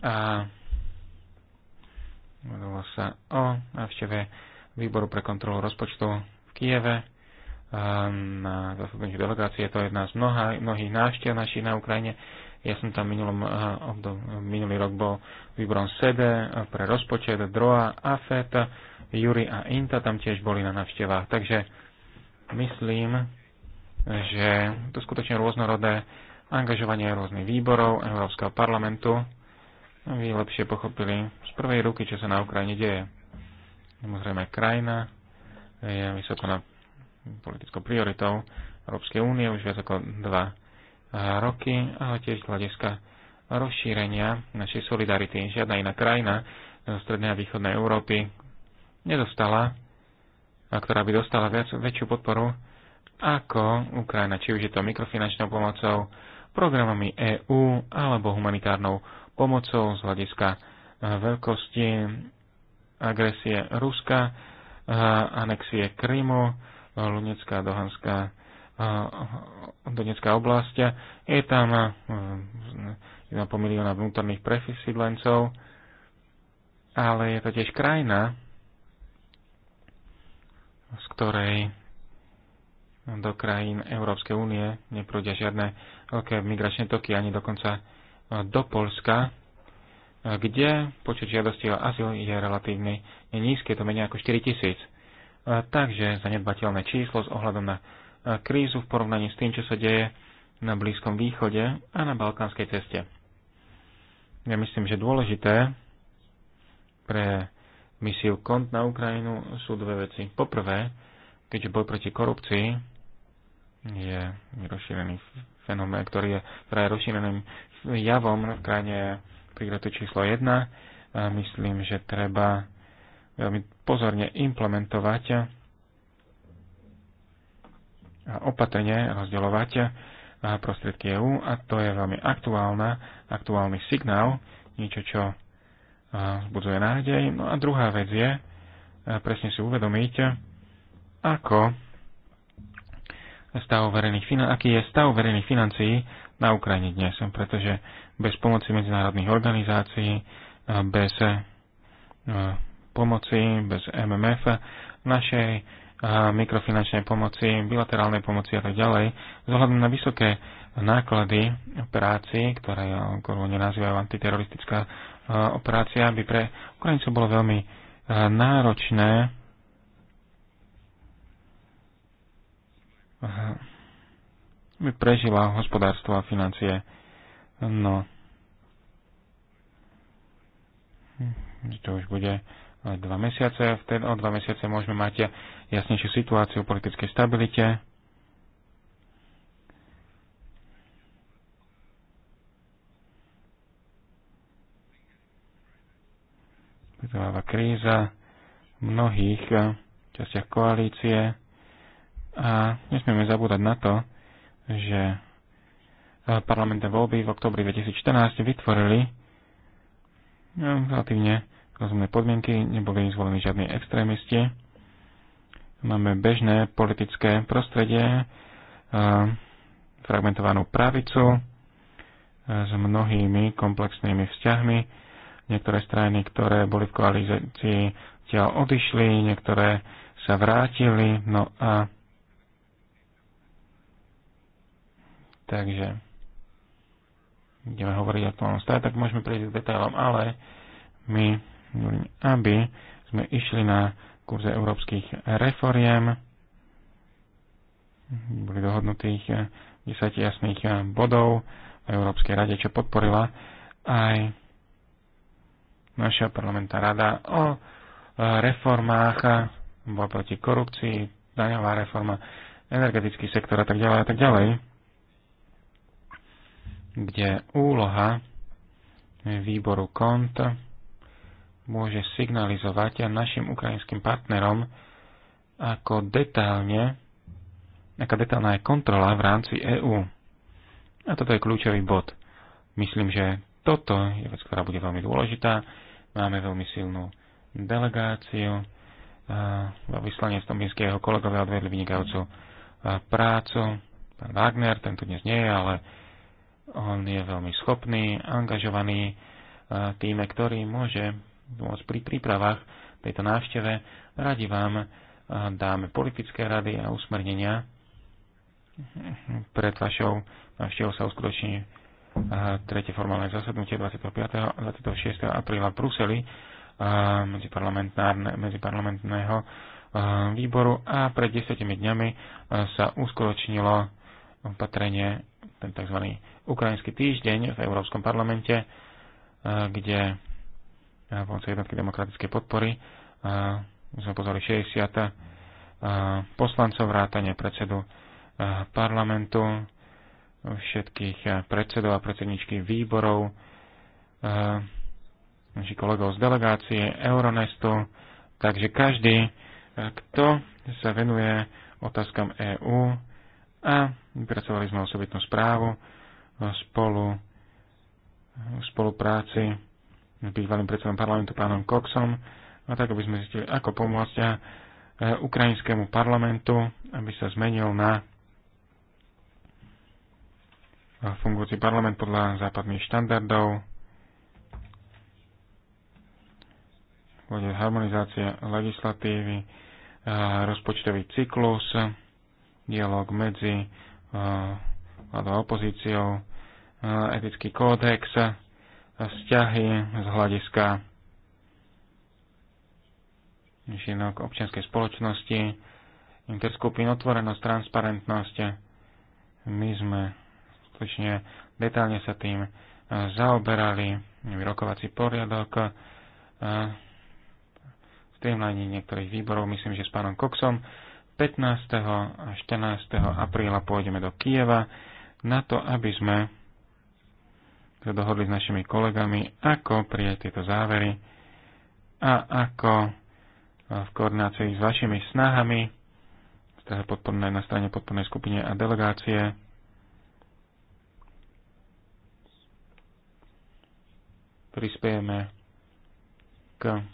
A hovorilo sa o návšteve výboru pre kontrolu rozpočtu v Kieve ehm, na zasadnutí delegácie. Je to jedna z mnoha, mnohých návštev našich na Ukrajine. Ja som tam minulom, obdob, minulý rok bol výborom SEDE pre rozpočet, DROA, AFET, Juri a INTA tam tiež boli na návštevách. Takže myslím, že to skutočne rôznorodé angažovanie rôznych výborov Európskeho parlamentu vy lepšie pochopili z prvej ruky, čo sa na Ukrajine deje. Samozrejme, krajina je vysoko na politickou prioritou Európskej únie už viac ako dva roky, ale tiež z hľadiska rozšírenia našej solidarity. Žiadna iná krajina zo strednej a východnej Európy nedostala, a ktorá by dostala viac, väčšiu podporu ako Ukrajina, či už je to mikrofinančnou pomocou, programami EÚ alebo humanitárnou pomocou z hľadiska e, veľkosti agresie Ruska, e, anexie Krymu, Lunecká, Dohanská Donetská oblasť. Je tam 1,5 e, milióna vnútorných presídlencov, ale je to tiež krajina, z ktorej do krajín Európskej únie neprúdia žiadne veľké migračné toky, ani dokonca e, do Polska, e, kde počet žiadostí o azyl je relatívne nízky, je to menej ako 4 tisíc. Takže zanedbateľné číslo s ohľadom na krízu v porovnaní s tým, čo sa deje na Blízkom východe a na balkánskej ceste. Ja myslím, že dôležité pre misiu KONT na Ukrajinu sú dve veci. Poprvé, keďže boj proti korupcii je rozšírený fenomén, ktorý je, ktorá je rozšíreným javom v krajine prírodu číslo 1, myslím, že treba veľmi pozorne implementovať opatrne rozdeľovať eh, prostriedky EÚ a to je veľmi aktuálna, aktuálny signál, niečo, čo eh, zbudzuje nádej. No a druhá vec je eh, presne si uvedomiť, ako stav verejných, aký je stav verejných financií na Ukrajine dnes, pretože bez pomoci medzinárodných organizácií, bez pomoci, bez MMF, našej mikrofinančnej pomoci, bilaterálnej pomoci a tak ďalej, zohľadom na vysoké náklady operácií, ktoré korúne nazývajú antiteroristická e, operácia, by pre Ukrajincov bolo veľmi e, náročné e, by prežila hospodárstvo a financie. No, hm, to už bude dva mesiace, vtedy o dva mesiace môžeme mať jasnejšiu situáciu o politickej stabilite. Vytváva kríza v mnohých eh, častiach koalície a nesmieme zabúdať na to, že eh, parlamentné voľby v oktobri 2014 vytvorili no, relatívne rozumné podmienky, neboli zvolení žiadni extrémisti. Máme bežné politické prostredie, fragmentovanú pravicu s mnohými komplexnými vzťahmi. Niektoré strany, ktoré boli v koalícii, tiaľ odišli, niektoré sa vrátili, no a takže ideme hovoriť o tom stále, tak môžeme prejsť k detailom, ale my, aby sme išli na kurze európskych reforiem. Boli dohodnutých 10 jasných bodov v Európskej rade, čo podporila aj naša parlamentná rada o reformách, boja proti korupcii, daňová reforma, energetický sektor a tak ďalej a tak ďalej, kde úloha výboru kont môže signalizovať našim ukrajinským partnerom, ako detálne, aká detálna je kontrola v rámci EÚ. A toto je kľúčový bod. Myslím, že toto je vec, ktorá bude veľmi dôležitá. Máme veľmi silnú delegáciu. Vo vyslanie z Tombinského kolegovia odvedli vynikajúcu prácu. Pán Wagner, ten tu dnes nie je, ale on je veľmi schopný, angažovaný týme, ktorý môže pomôcť pri prípravách tejto návšteve. Radi vám eh, dáme politické rady a usmernenia. Pred vašou návštevou sa uskutoční eh, tretie formálne zasadnutie 25. a 26. apríla v Bruseli eh, medziparlamentného výboru a pred 10 dňami sa uskutočnilo opatrenie, ten tzv. ukrajinský týždeň v Európskom parlamente, kde pomocou jednotky demokratickej podpory. Uh, sme pozvali 60 uh, poslancov vrátane predsedu uh, parlamentu, všetkých predsedov a predsedničky výborov, našich kolegov z delegácie Euronestu, takže každý, kto sa venuje otázkam EÚ a vypracovali sme osobitnú správu spolu v spolupráci bývalým predsedom parlamentu pánom Coxom, a tak, aby sme zistili, ako pomôcť eh, ukrajinskému parlamentu, aby sa zmenil na eh, fungujúci parlament podľa západných štandardov, bude harmonizácia legislatívy, eh, rozpočtový cyklus, dialog medzi vládou a opozíciou, etický kódex, vzťahy z hľadiska žinok občianskej spoločnosti, interskupín otvorenosť, transparentnosť. My sme skutočne detálne sa tým zaoberali, vyrokovací poriadok, streamlining niektorých výborov, myslím, že s pánom Coxom. 15. a 14. apríla pôjdeme do Kieva na to, aby sme sa dohodli s našimi kolegami, ako prijať tieto závery a ako v koordinácii s vašimi snahami teda podporné, na strane podpornej skupine a delegácie prispiejeme k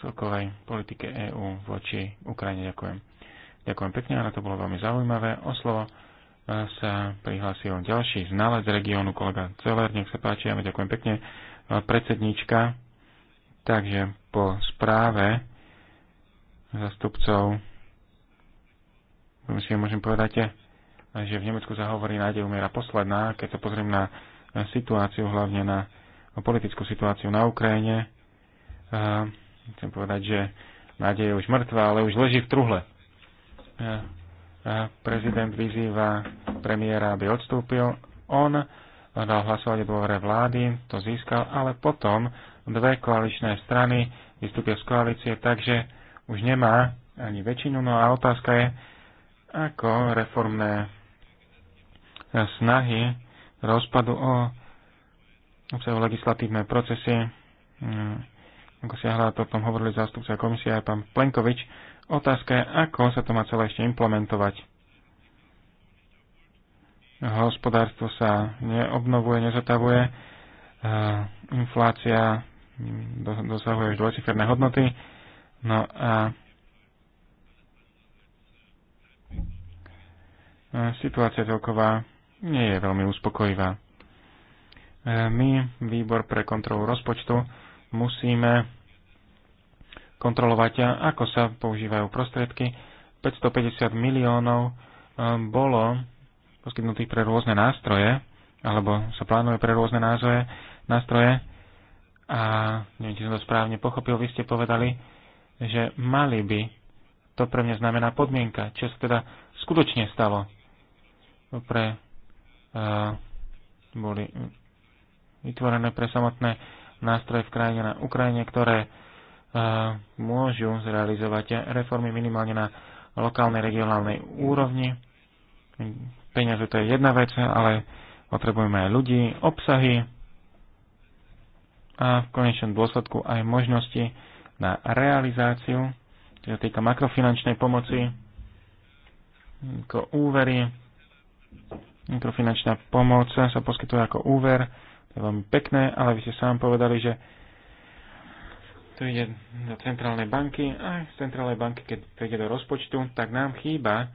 celkovej politike EÚ voči Ukrajine. Ďakujem. Ďakujem pekne, ale to bolo veľmi zaujímavé. O slovo sa prihlásil ďalší znalec regiónu, kolega Celer, nech sa páči, ja ďakujem pekne, predsedníčka. Takže po správe zastupcov že môžem povedať, že v Nemecku sa hovorí nádej umiera posledná. Keď sa pozriem na situáciu, hlavne na politickú situáciu na Ukrajine, chcem povedať, že nádej je už mŕtva, ale už leží v truhle prezident vyzýva premiéra, aby odstúpil. On dal hlasovať o dôvere vlády, to získal, ale potom dve koaličné strany vystúpia z koalície, takže už nemá ani väčšinu. No a otázka je, ako reformné snahy rozpadu o obsahu legislatívne procesy, hm, ako si hľadá, o tom hovorili zástupca komisie aj pán Plenkovič, Otázka je, ako sa to má celé ešte implementovať. Hospodárstvo sa neobnovuje, nezatavuje, inflácia dosahuje už dvojciferné hodnoty, no a situácia celková nie je veľmi uspokojivá. E, my, výbor pre kontrolu rozpočtu, musíme kontrolovať, ako sa používajú prostriedky. 550 miliónov e, bolo poskytnutých pre rôzne nástroje, alebo sa plánuje pre rôzne názoje, nástroje. A neviem, či som to správne pochopil, vy ste povedali, že mali by, to pre mňa znamená podmienka, čo sa teda skutočne stalo. Pre, uh, boli vytvorené pre samotné nástroje v krajine na Ukrajine, ktoré môžu zrealizovať reformy minimálne na lokálnej, regionálnej úrovni. Peniaze to je jedna vec, ale potrebujeme aj ľudí, obsahy a v konečnom dôsledku aj možnosti na realizáciu, čo sa týka makrofinančnej pomoci, ako úvery. Mikrofinančná pomoc sa poskytuje ako úver, to je veľmi pekné, ale vy ste sám povedali, že to ide do centrálnej banky a z centrálnej banky, keď to ide do rozpočtu, tak nám chýba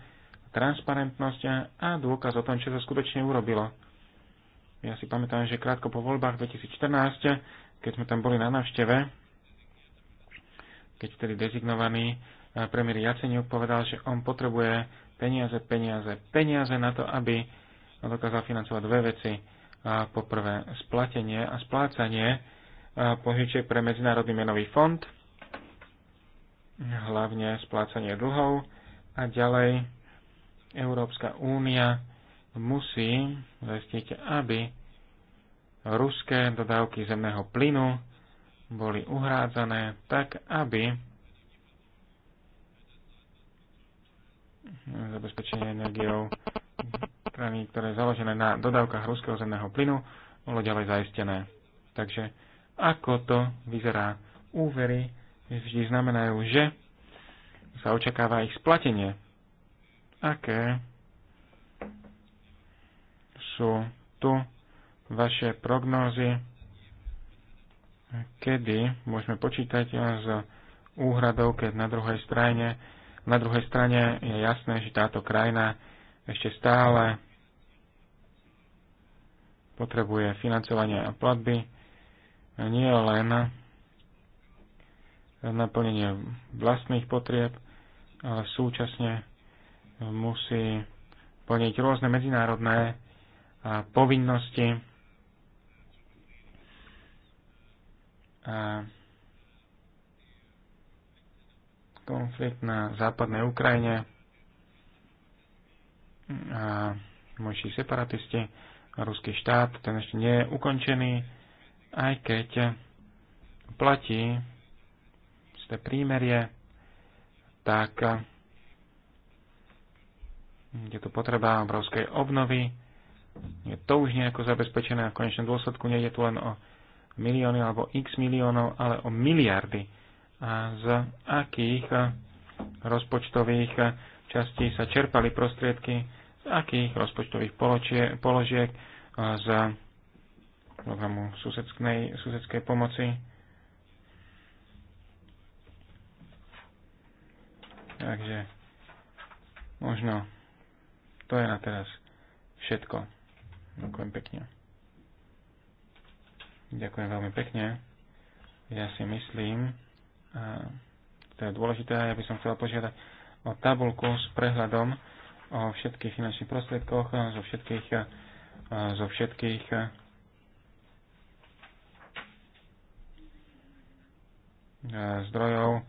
transparentnosť a dôkaz o tom, čo sa skutočne urobilo. Ja si pamätám, že krátko po voľbách 2014, keď sme tam boli na návšteve, keď tedy dezignovaný eh, premiér Jaceniuk povedal, že on potrebuje peniaze, peniaze, peniaze na to, aby dokázal financovať dve veci. Poprvé splatenie a splácanie požičiek pre Medzinárodný menový fond, hlavne splácanie dlhov a ďalej Európska únia musí zistiť, aby ruské dodávky zemného plynu boli uhrádzané tak, aby zabezpečenie energiou krajiny, ktoré je založené na dodávkach ruského zemného plynu, bolo ďalej zaistené. Takže ako to vyzerá. Úvery vždy znamenajú, že sa očakáva ich splatenie. Aké sú tu vaše prognózy, kedy môžeme počítať s úhradou, keď na druhej strane, na druhej strane je jasné, že táto krajina ešte stále potrebuje financovanie a platby nie len naplnenie vlastných potrieb, ale súčasne musí plniť rôzne medzinárodné povinnosti. A konflikt na západnej Ukrajine a mojší separatisti a ruský štát, ten ešte nie je ukončený aj keď platí ste prímerie, tak je tu potreba obrovskej obnovy. Je to už nejako zabezpečené a v konečnom dôsledku nejde tu len o milióny alebo x miliónov, ale o miliardy. A z akých rozpočtových častí sa čerpali prostriedky, z akých rozpočtových položiek, z programu susedskej, susedskej pomoci. Takže možno to je na teraz všetko. Ďakujem pekne. Ďakujem veľmi pekne. Ja si myslím, to je dôležité, ja by som chcel požiadať o tabulku s prehľadom o všetkých finančných prostriedkoch, zo všetkých, zo všetkých E, zdrojov.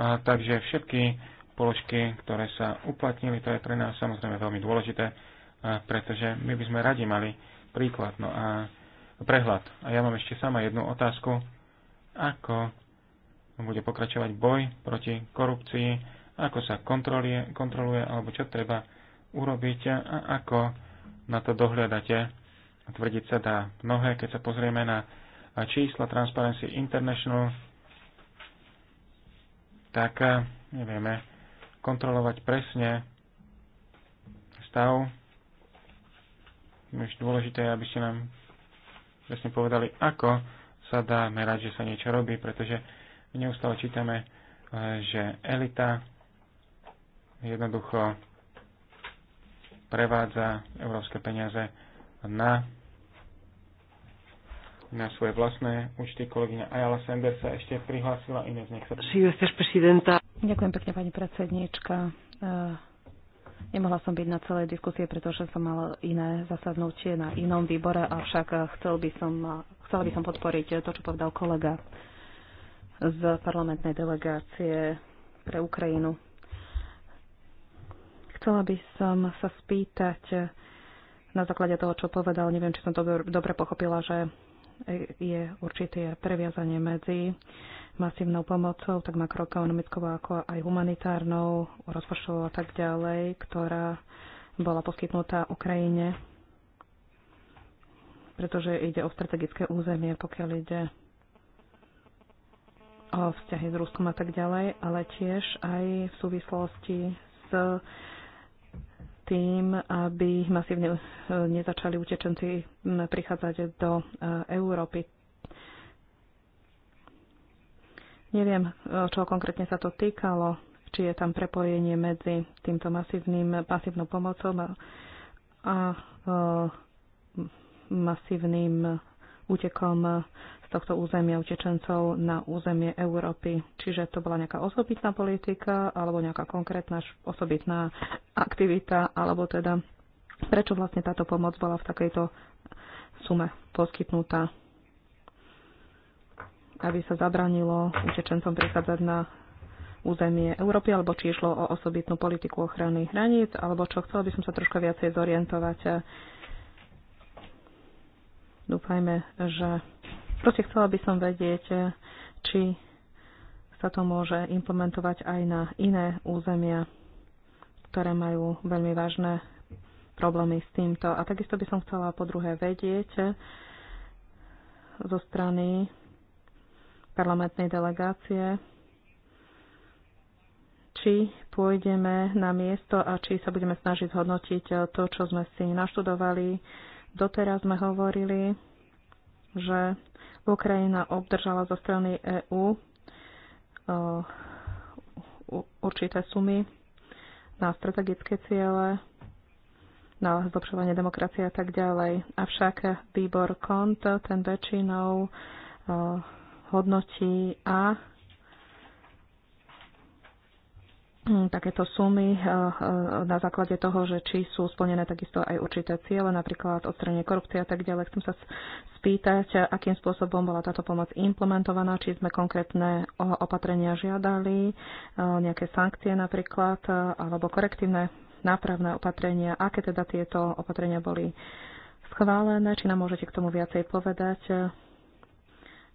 A, takže všetky položky, ktoré sa uplatnili, to je pre nás samozrejme veľmi dôležité, e, pretože my by sme radi mali príklad no a prehľad. A ja mám ešte sama jednu otázku. Ako bude pokračovať boj proti korupcii, ako sa kontroluje, kontroluje alebo čo treba urobiť a ako na to dohľadate. Tvrdiť sa dá mnohé, keď sa pozrieme na čísla Transparency International, tak eh, nevieme kontrolovať presne stav. Je dôležité aby ste nám presne povedali, ako sa dá merať, že sa niečo robí, pretože my neustále čítame, eh, že elita jednoducho prevádza európske peniaze na na svoje vlastné účty. Kolegyňa Ayala Sender sa ešte prihlásila. z nech sa... Ďakujem pekne, pani predsedníčka. Eh, nemohla som byť na celej diskusie, pretože som mala iné zasadnutie na inom výbore, avšak eh, chcel by som, eh, chcela by som podporiť to, čo povedal kolega z parlamentnej delegácie pre Ukrajinu. Chcela by som sa spýtať na základe toho, čo povedal, neviem, či som to dobre pochopila, že je určité previazanie medzi masívnou pomocou, tak makroekonomickou ako aj humanitárnou, rozpočtovou a tak ďalej, ktorá bola poskytnutá Ukrajine, pretože ide o strategické územie, pokiaľ ide o vzťahy s Ruskom a tak ďalej, ale tiež aj v súvislosti s tým, aby masívne eh, nezačali utečenci mm, prichádzať do eh, Európy. Neviem, eh, čo konkrétne sa to týkalo, či je tam prepojenie medzi týmto masívnym, masívnou pomocou a, a masívnym útekom z tohto územia utečencov na územie Európy. Čiže to bola nejaká osobitná politika alebo nejaká konkrétna osobitná aktivita, alebo teda prečo vlastne táto pomoc bola v takejto sume poskytnutá, aby sa zabranilo utečencom prichádzať na územie Európy, alebo či išlo o osobitnú politiku ochrany hraníc, alebo čo chcela by som sa troška viacej zorientovať. Dúfajme, že Proste chcela by som vedieť, e, či sa to môže implementovať aj na iné územia, ktoré majú veľmi vážne problémy s týmto. A takisto by som chcela po druhé vedieť e, zo strany parlamentnej delegácie, či pôjdeme na miesto a či sa budeme snažiť zhodnotiť e, to, čo sme si naštudovali. Doteraz sme hovorili že Ukrajina obdržala zo strany EÚ e, určité sumy na strategické ciele, na zlepšovanie demokracie a tak ďalej. Avšak výbor KONT ten väčšinou e, hodnotí a Mm, takéto sumy eh, eh, na základe toho, že či sú splnené takisto aj určité ciele, napríklad odstranenie korupcie a tak ďalej. Chcem sa spýtať, eh, akým spôsobom bola táto pomoc implementovaná, či sme konkrétne opatrenia žiadali, nejaké sankcie napríklad, alebo korektívne nápravné opatrenia, aké teda tieto opatrenia boli schválené, či nám môžete k tomu viacej povedať,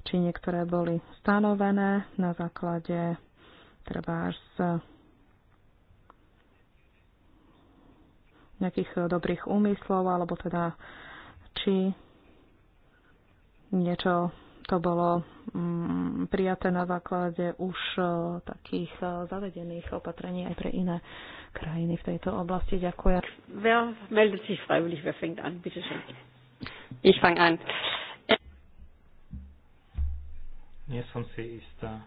či niektoré boli stanovené na základe treba až z nejakých e, dobrých úmyslov, alebo teda či niečo to bolo mm, prijaté na základe už e, takých e, zavedených opatrení aj pre iné krajiny v tejto oblasti. Ďakujem. Wer meldet sich freiwillig? Wer fängt an? Bitte schön. Ich fang an. Nie som si istá.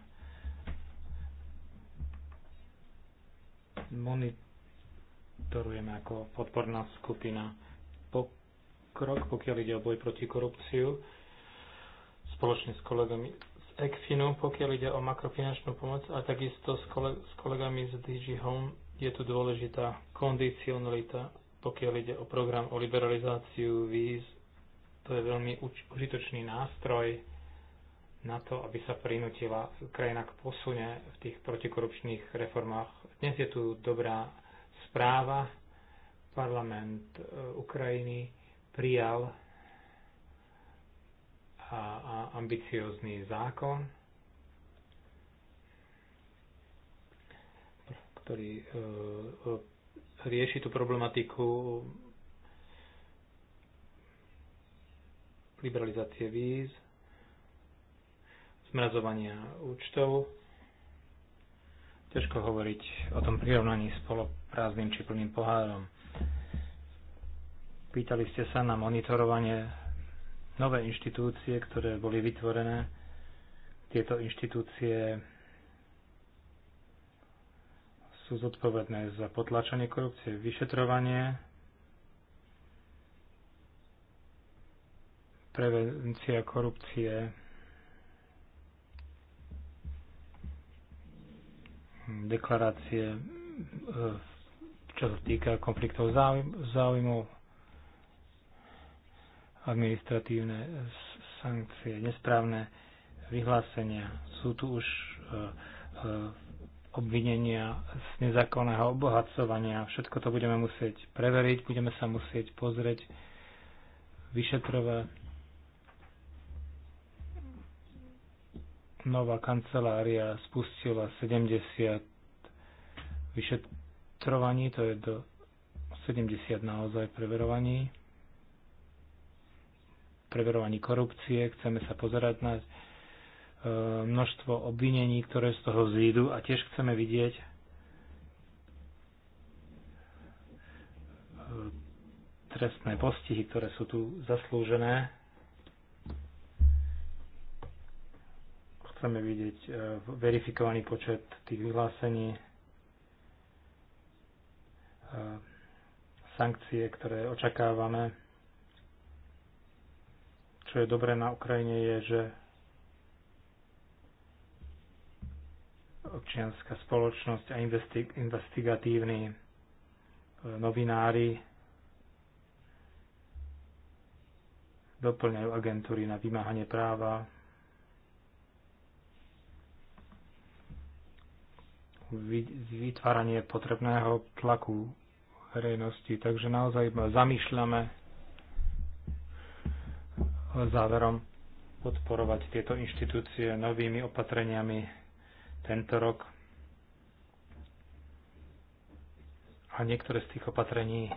Monit monitorujeme ako podporná skupina pokrok, pokiaľ ide o boj proti korupciu, spoločne s kolegami z ECFINu, pokiaľ ide o makrofinančnú pomoc a takisto s, kole- s kolegami z DG Home je tu dôležitá kondicionalita, pokiaľ ide o program o liberalizáciu víz. To je veľmi užitočný nástroj na to, aby sa prinútila krajina k posune v tých protikorupčných reformách. Dnes je tu dobrá správa. Parlament e, Ukrajiny prijal a ambiciózny zákon, ktorý e, e, rieši tú problematiku liberalizácie víz, zmrazovania účtov. Ťažko hovoriť o tom prirovnaní spolok prázdnym či plným pohárom. Pýtali ste sa na monitorovanie nové inštitúcie, ktoré boli vytvorené. Tieto inštitúcie sú zodpovedné za potlačenie korupcie, vyšetrovanie, prevencia korupcie, deklarácie v eh, čo sa týka konfliktov záujmov, administratívne sankcie, nesprávne vyhlásenia. Sú tu už e, e, obvinenia z nezákonného obohacovania. Všetko to budeme musieť preveriť, budeme sa musieť pozrieť, vyšetrovať. Nová kancelária spustila 70 vyšetrovaní trovaní, to je do 70 naozaj preverovaní, preverovaní korupcie, chceme sa pozerať na e, množstvo obvinení, ktoré z toho zídu a tiež chceme vidieť e, trestné postihy, ktoré sú tu zaslúžené. Chceme vidieť e, verifikovaný počet tých vyhlásení sankcie, ktoré očakávame. Čo je dobré na Ukrajine je, že občianská spoločnosť a investig- investigatívni e, novinári doplňajú agentúry na vymáhanie práva, vytváranie potrebného tlaku verejnosti. Takže naozaj zamýšľame záverom podporovať tieto inštitúcie novými opatreniami tento rok. A niektoré z tých opatrení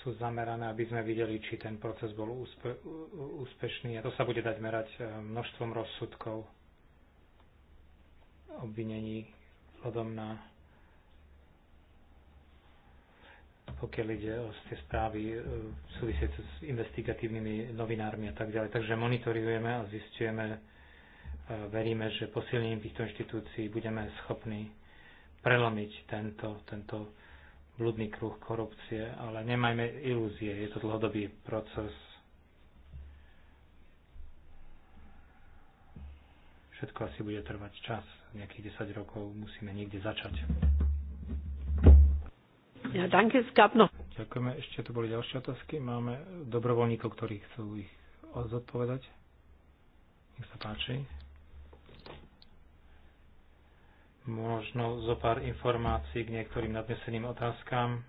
sú zamerané, aby sme videli, či ten proces bol úspe- úspešný. A to sa bude dať merať eh, množstvom rozsudkov obvinení vzhľadom na pokiaľ ide o tie správy e, súvisiace s investigatívnymi novinármi a tak ďalej. Takže monitorujeme a zistujeme, e, veríme, že posilnením týchto inštitúcií budeme schopní prelomiť tento, tento blúdny kruh korupcie, ale nemajme ilúzie, je to dlhodobý proces. Všetko asi bude trvať čas nejakých 10 rokov musíme niekde začať. Ja, danke, es Ďakujeme. Ešte tu boli ďalšie otázky. Máme dobrovoľníkov, ktorí chcú ich zodpovedať. Nech sa páči. Možno zo pár informácií k niektorým nadneseným otázkam.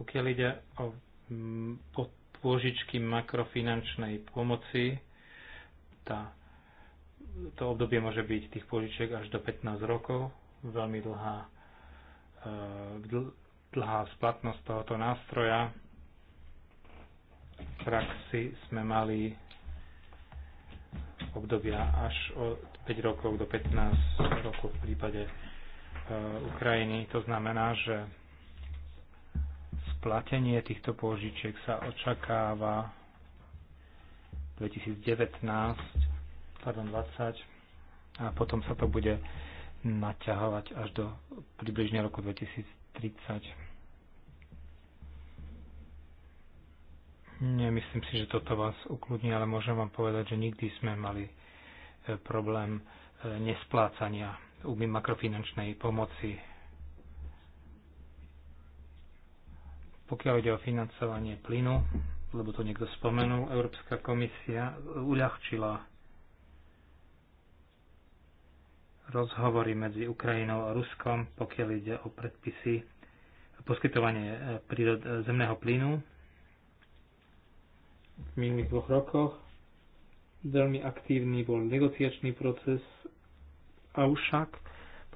Pokiaľ ide o mm, pôžičky makrofinančnej pomoci, tá to obdobie môže byť tých požičiek až do 15 rokov, veľmi dlhá, e, dlhá splatnosť tohoto nástroja. V praxi sme mali obdobia až od 5 rokov do 15 rokov v prípade e, Ukrajiny. To znamená, že splatenie týchto požičiek sa očakáva 2019 pardon, 20 a potom sa to bude naťahovať až do približne roku 2030. Nemyslím si, že toto vás ukludní, ale môžem vám povedať, že nikdy sme mali e, problém e, nesplácania úmy makrofinančnej pomoci. Pokiaľ ide o financovanie plynu, lebo to niekto spomenul, Európska komisia uľahčila rozhovory medzi Ukrajinou a Ruskom, pokiaľ ide o predpisy poskytovanie e, e, zemného plynu v minulých dvoch rokoch. Veľmi aktívny bol negociačný proces, avšak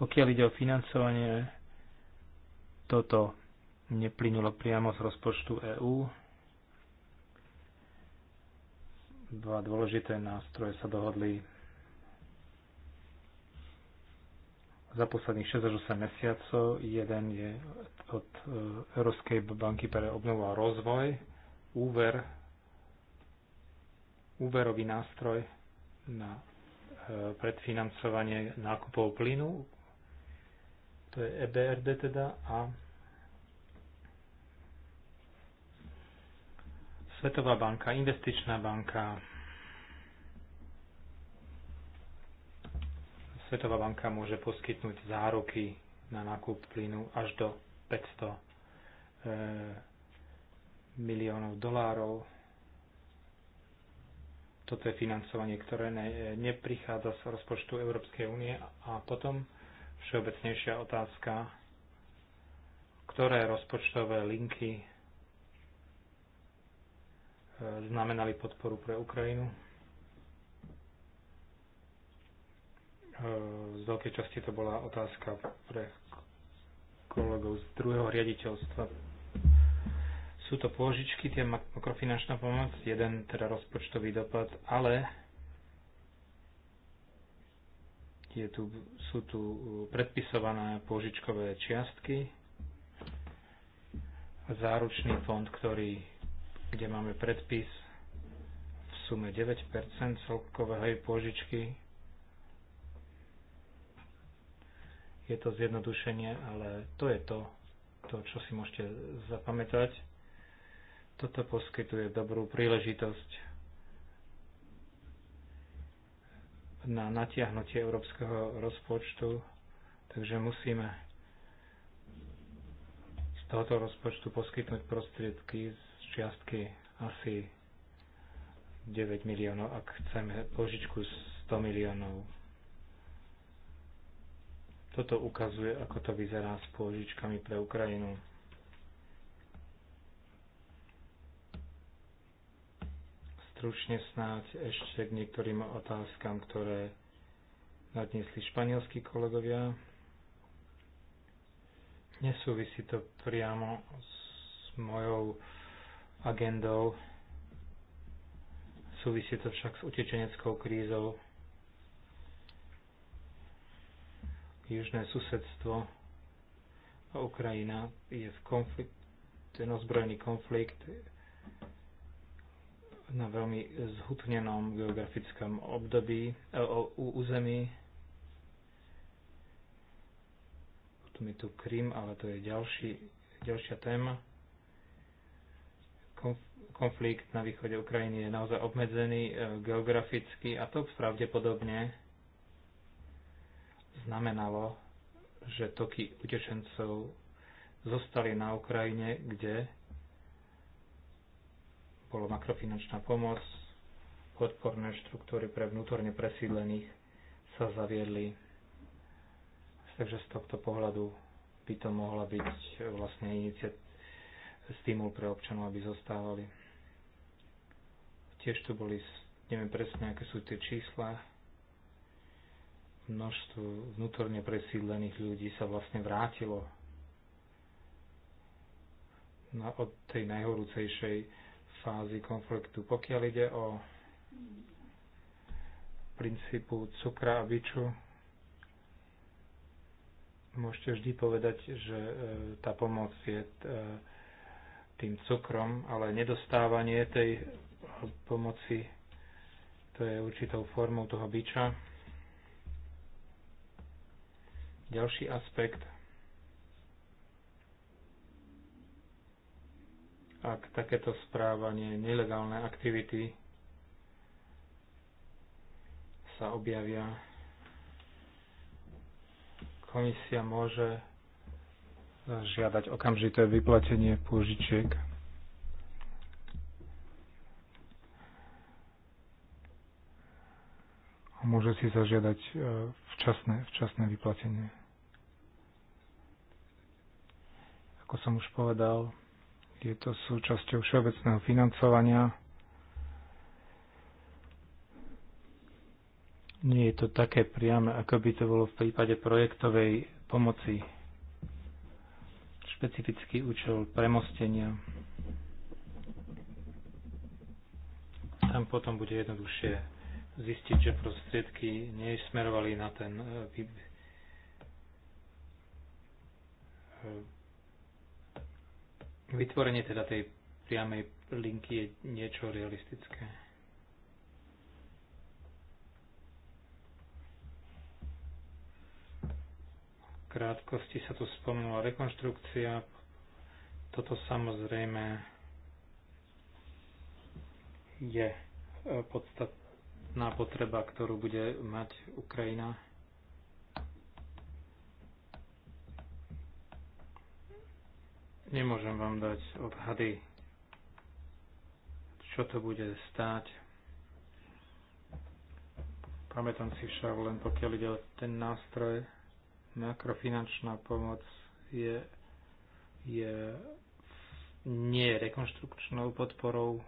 pokiaľ ide o financovanie, toto neplynulo priamo z rozpočtu EÚ. Dva dôležité nástroje sa dohodli za posledných 6 až 8 mesiacov. Jeden je od eh, Európskej banky pre obnovu a rozvoj, úver, úverový nástroj na eh, predfinancovanie nákupov plynu, to je EBRD teda, a Svetová banka, Investičná banka, Svetová banka môže poskytnúť záruky na nákup plynu až do 500 e, miliónov dolárov. Toto je financovanie, ktoré ne, neprichádza z rozpočtu Európskej únie. A potom všeobecnejšia otázka, ktoré rozpočtové linky e, znamenali podporu pre Ukrajinu. Z veľkej časti to bola otázka pre kolegov z druhého riaditeľstva. Sú to pôžičky, tie makrofinančná pomoc, jeden teda rozpočtový dopad, ale je tu, sú tu predpisované pôžičkové čiastky, záručný fond, ktorý, kde máme predpis v sume 9% celkovej pôžičky, Je to zjednodušenie, ale to je to, to čo si môžete zapamätať. Toto poskytuje dobrú príležitosť na natiahnutie európskeho rozpočtu, takže musíme z tohoto rozpočtu poskytnúť prostriedky z čiastky asi 9 miliónov, ak chceme požičku 100 miliónov toto ukazuje, ako to vyzerá s pôžičkami pre Ukrajinu. Stručne snáď ešte k niektorým otázkam, ktoré nadniesli španielskí kolegovia. Nesúvisí to priamo s mojou agendou. Súvisí to však s utečeneckou krízou južné susedstvo a Ukrajina je v konflikt, ten ozbrojený konflikt na veľmi zhutnenom geografickom období, e, u území. Potom je tu Krym, ale to je ďalší, ďalšia téma. Konflikt na východe Ukrajiny je naozaj obmedzený e, geograficky a to pravdepodobne znamenalo, že toky utečencov zostali na Ukrajine, kde bolo makrofinančná pomoc, podporné štruktúry pre vnútorne presídlených sa zaviedli. Takže z tohto pohľadu by to mohla byť vlastne iniciat- stimul pre občanov, aby zostávali. Tiež tu boli, neviem presne, aké sú tie čísla, množstvo vnútorne presídlených ľudí sa vlastne vrátilo na, od tej najhorúcejšej fázy konfliktu. Pokiaľ ide o princípu cukra a biču, môžete vždy povedať, že e, tá pomoc je e, tým cukrom, ale nedostávanie tej pomoci to je určitou formou toho biča. Ďalší aspekt. Ak takéto správanie, nelegálne aktivity sa objavia, komisia môže žiadať okamžité vyplatenie pôžičiek. Môže si zažiadať e, včasné, včasné vyplatenie. Ako som už povedal, je to súčasťou všeobecného financovania. Nie je to také priame, ako by to bolo v prípade projektovej pomoci. Špecifický účel premostenia. Tam potom bude jednoduchšie zistiť, že prostriedky nesmerovali na ten e, Vytvorenie teda tej priamej linky je niečo realistické. V krátkosti sa tu spomenula rekonštrukcia. Toto samozrejme je e, podstatná potreba, ktorú bude mať Ukrajina Nemôžem vám dať odhady, čo to bude stáť. Pamätám si však len pokiaľ ide o ten nástroj, makrofinančná pomoc je, je nie rekonštrukčnou podporou.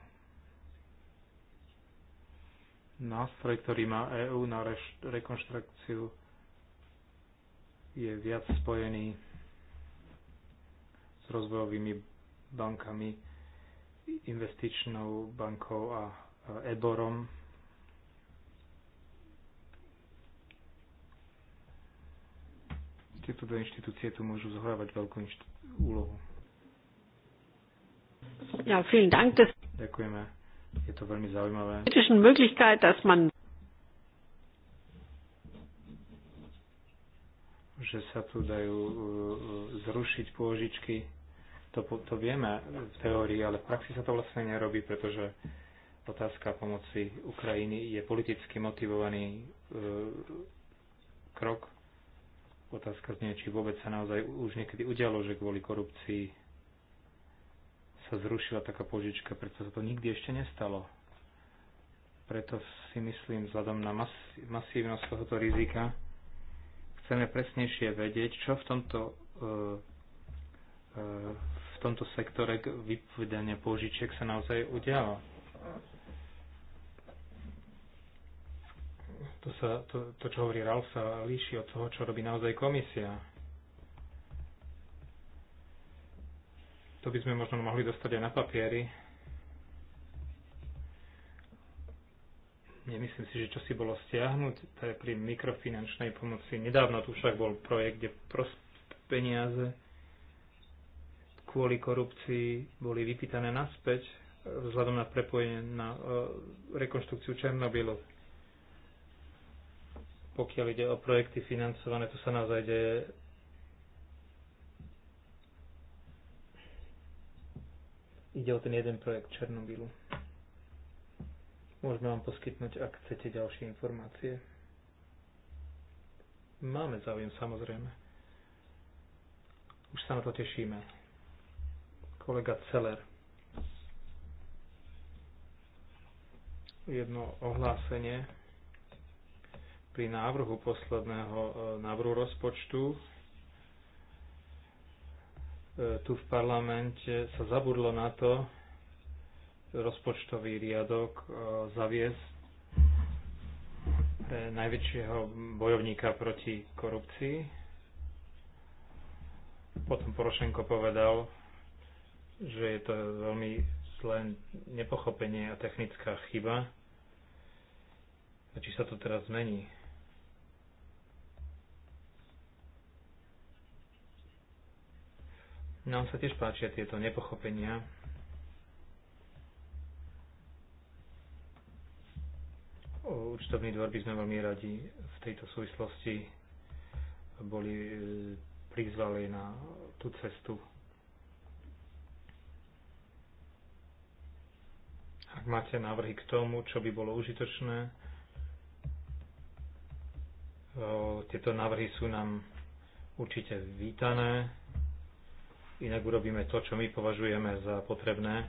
Nástroj, ktorý má EÚ na reš- rekonštrukciu, je viac spojený rozvojovými bankami, investičnou bankou a EBORom. Tieto dve inštitúcie tu môžu zohrávať veľkú úlohu. Ja, vielen Dank. Das Ďakujeme. Je to veľmi zaujímavé. Möglichkeit, dass man že sa tu dajú e, e, zrušiť pôžičky to, to vieme v teórii, ale v praxi sa to vlastne nerobí, pretože otázka pomoci Ukrajiny je politicky motivovaný e, krok. Otázka znie, či vôbec sa naozaj už niekedy udialo, že kvôli korupcii sa zrušila taká požička, preto sa to nikdy ešte nestalo. Preto si myslím, vzhľadom na mas, masívnosť tohoto rizika, chceme presnejšie vedieť, čo v tomto e, e, tomto sektore vypovedania požičiek sa naozaj udialo. To, sa, to, to, čo hovorí Ralf, sa líši od toho, čo robí naozaj komisia. To by sme možno mohli dostať aj na papiery. Nemyslím si, že čo si bolo stiahnuť, to je pri mikrofinančnej pomoci. Nedávno tu však bol projekt, kde pros peniaze kvôli korupcii boli vypýtané naspäť e, vzhľadom na prepojenie na e, rekonštrukciu Černobylu. Pokiaľ ide o projekty financované, to sa naozaj deje Ide o ten jeden projekt Černobylu. Môžeme vám poskytnúť, ak chcete, ďalšie informácie. Máme záujem, samozrejme. Už sa na to tešíme kolega Celer. Jedno ohlásenie pri návrhu posledného e, návrhu rozpočtu e, tu v parlamente sa zabudlo na to rozpočtový riadok e, zaviesť najväčšieho bojovníka proti korupcii. Potom Porošenko povedal, že je to veľmi zlé nepochopenie a technická chyba. A či sa to teraz zmení? Nám sa tiež páčia tieto nepochopenia. O účtovný dvor by sme veľmi radi v tejto súvislosti boli e, prizvali na tú cestu Ak máte návrhy k tomu, čo by bolo užitočné, tieto návrhy sú nám určite vítané. Inak urobíme to, čo my považujeme za potrebné.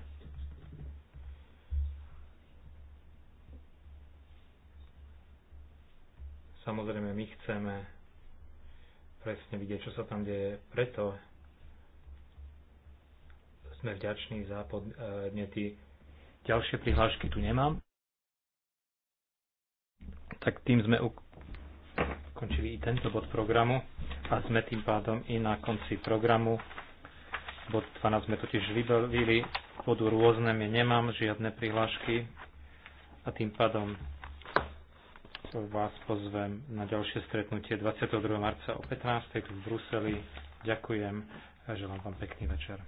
Samozrejme, my chceme presne vidieť, čo sa tam deje. Preto sme vďační za podnety Ďalšie prihlášky tu nemám. Tak tým sme ukončili i tento bod programu a sme tým pádom i na konci programu. Bod 12 sme totiž vybavili, bodu rôzne mi nemám žiadne prihlášky a tým pádom vás pozvem na ďalšie stretnutie 22. marca o 15. v Bruseli. Ďakujem a želám vám pekný večer.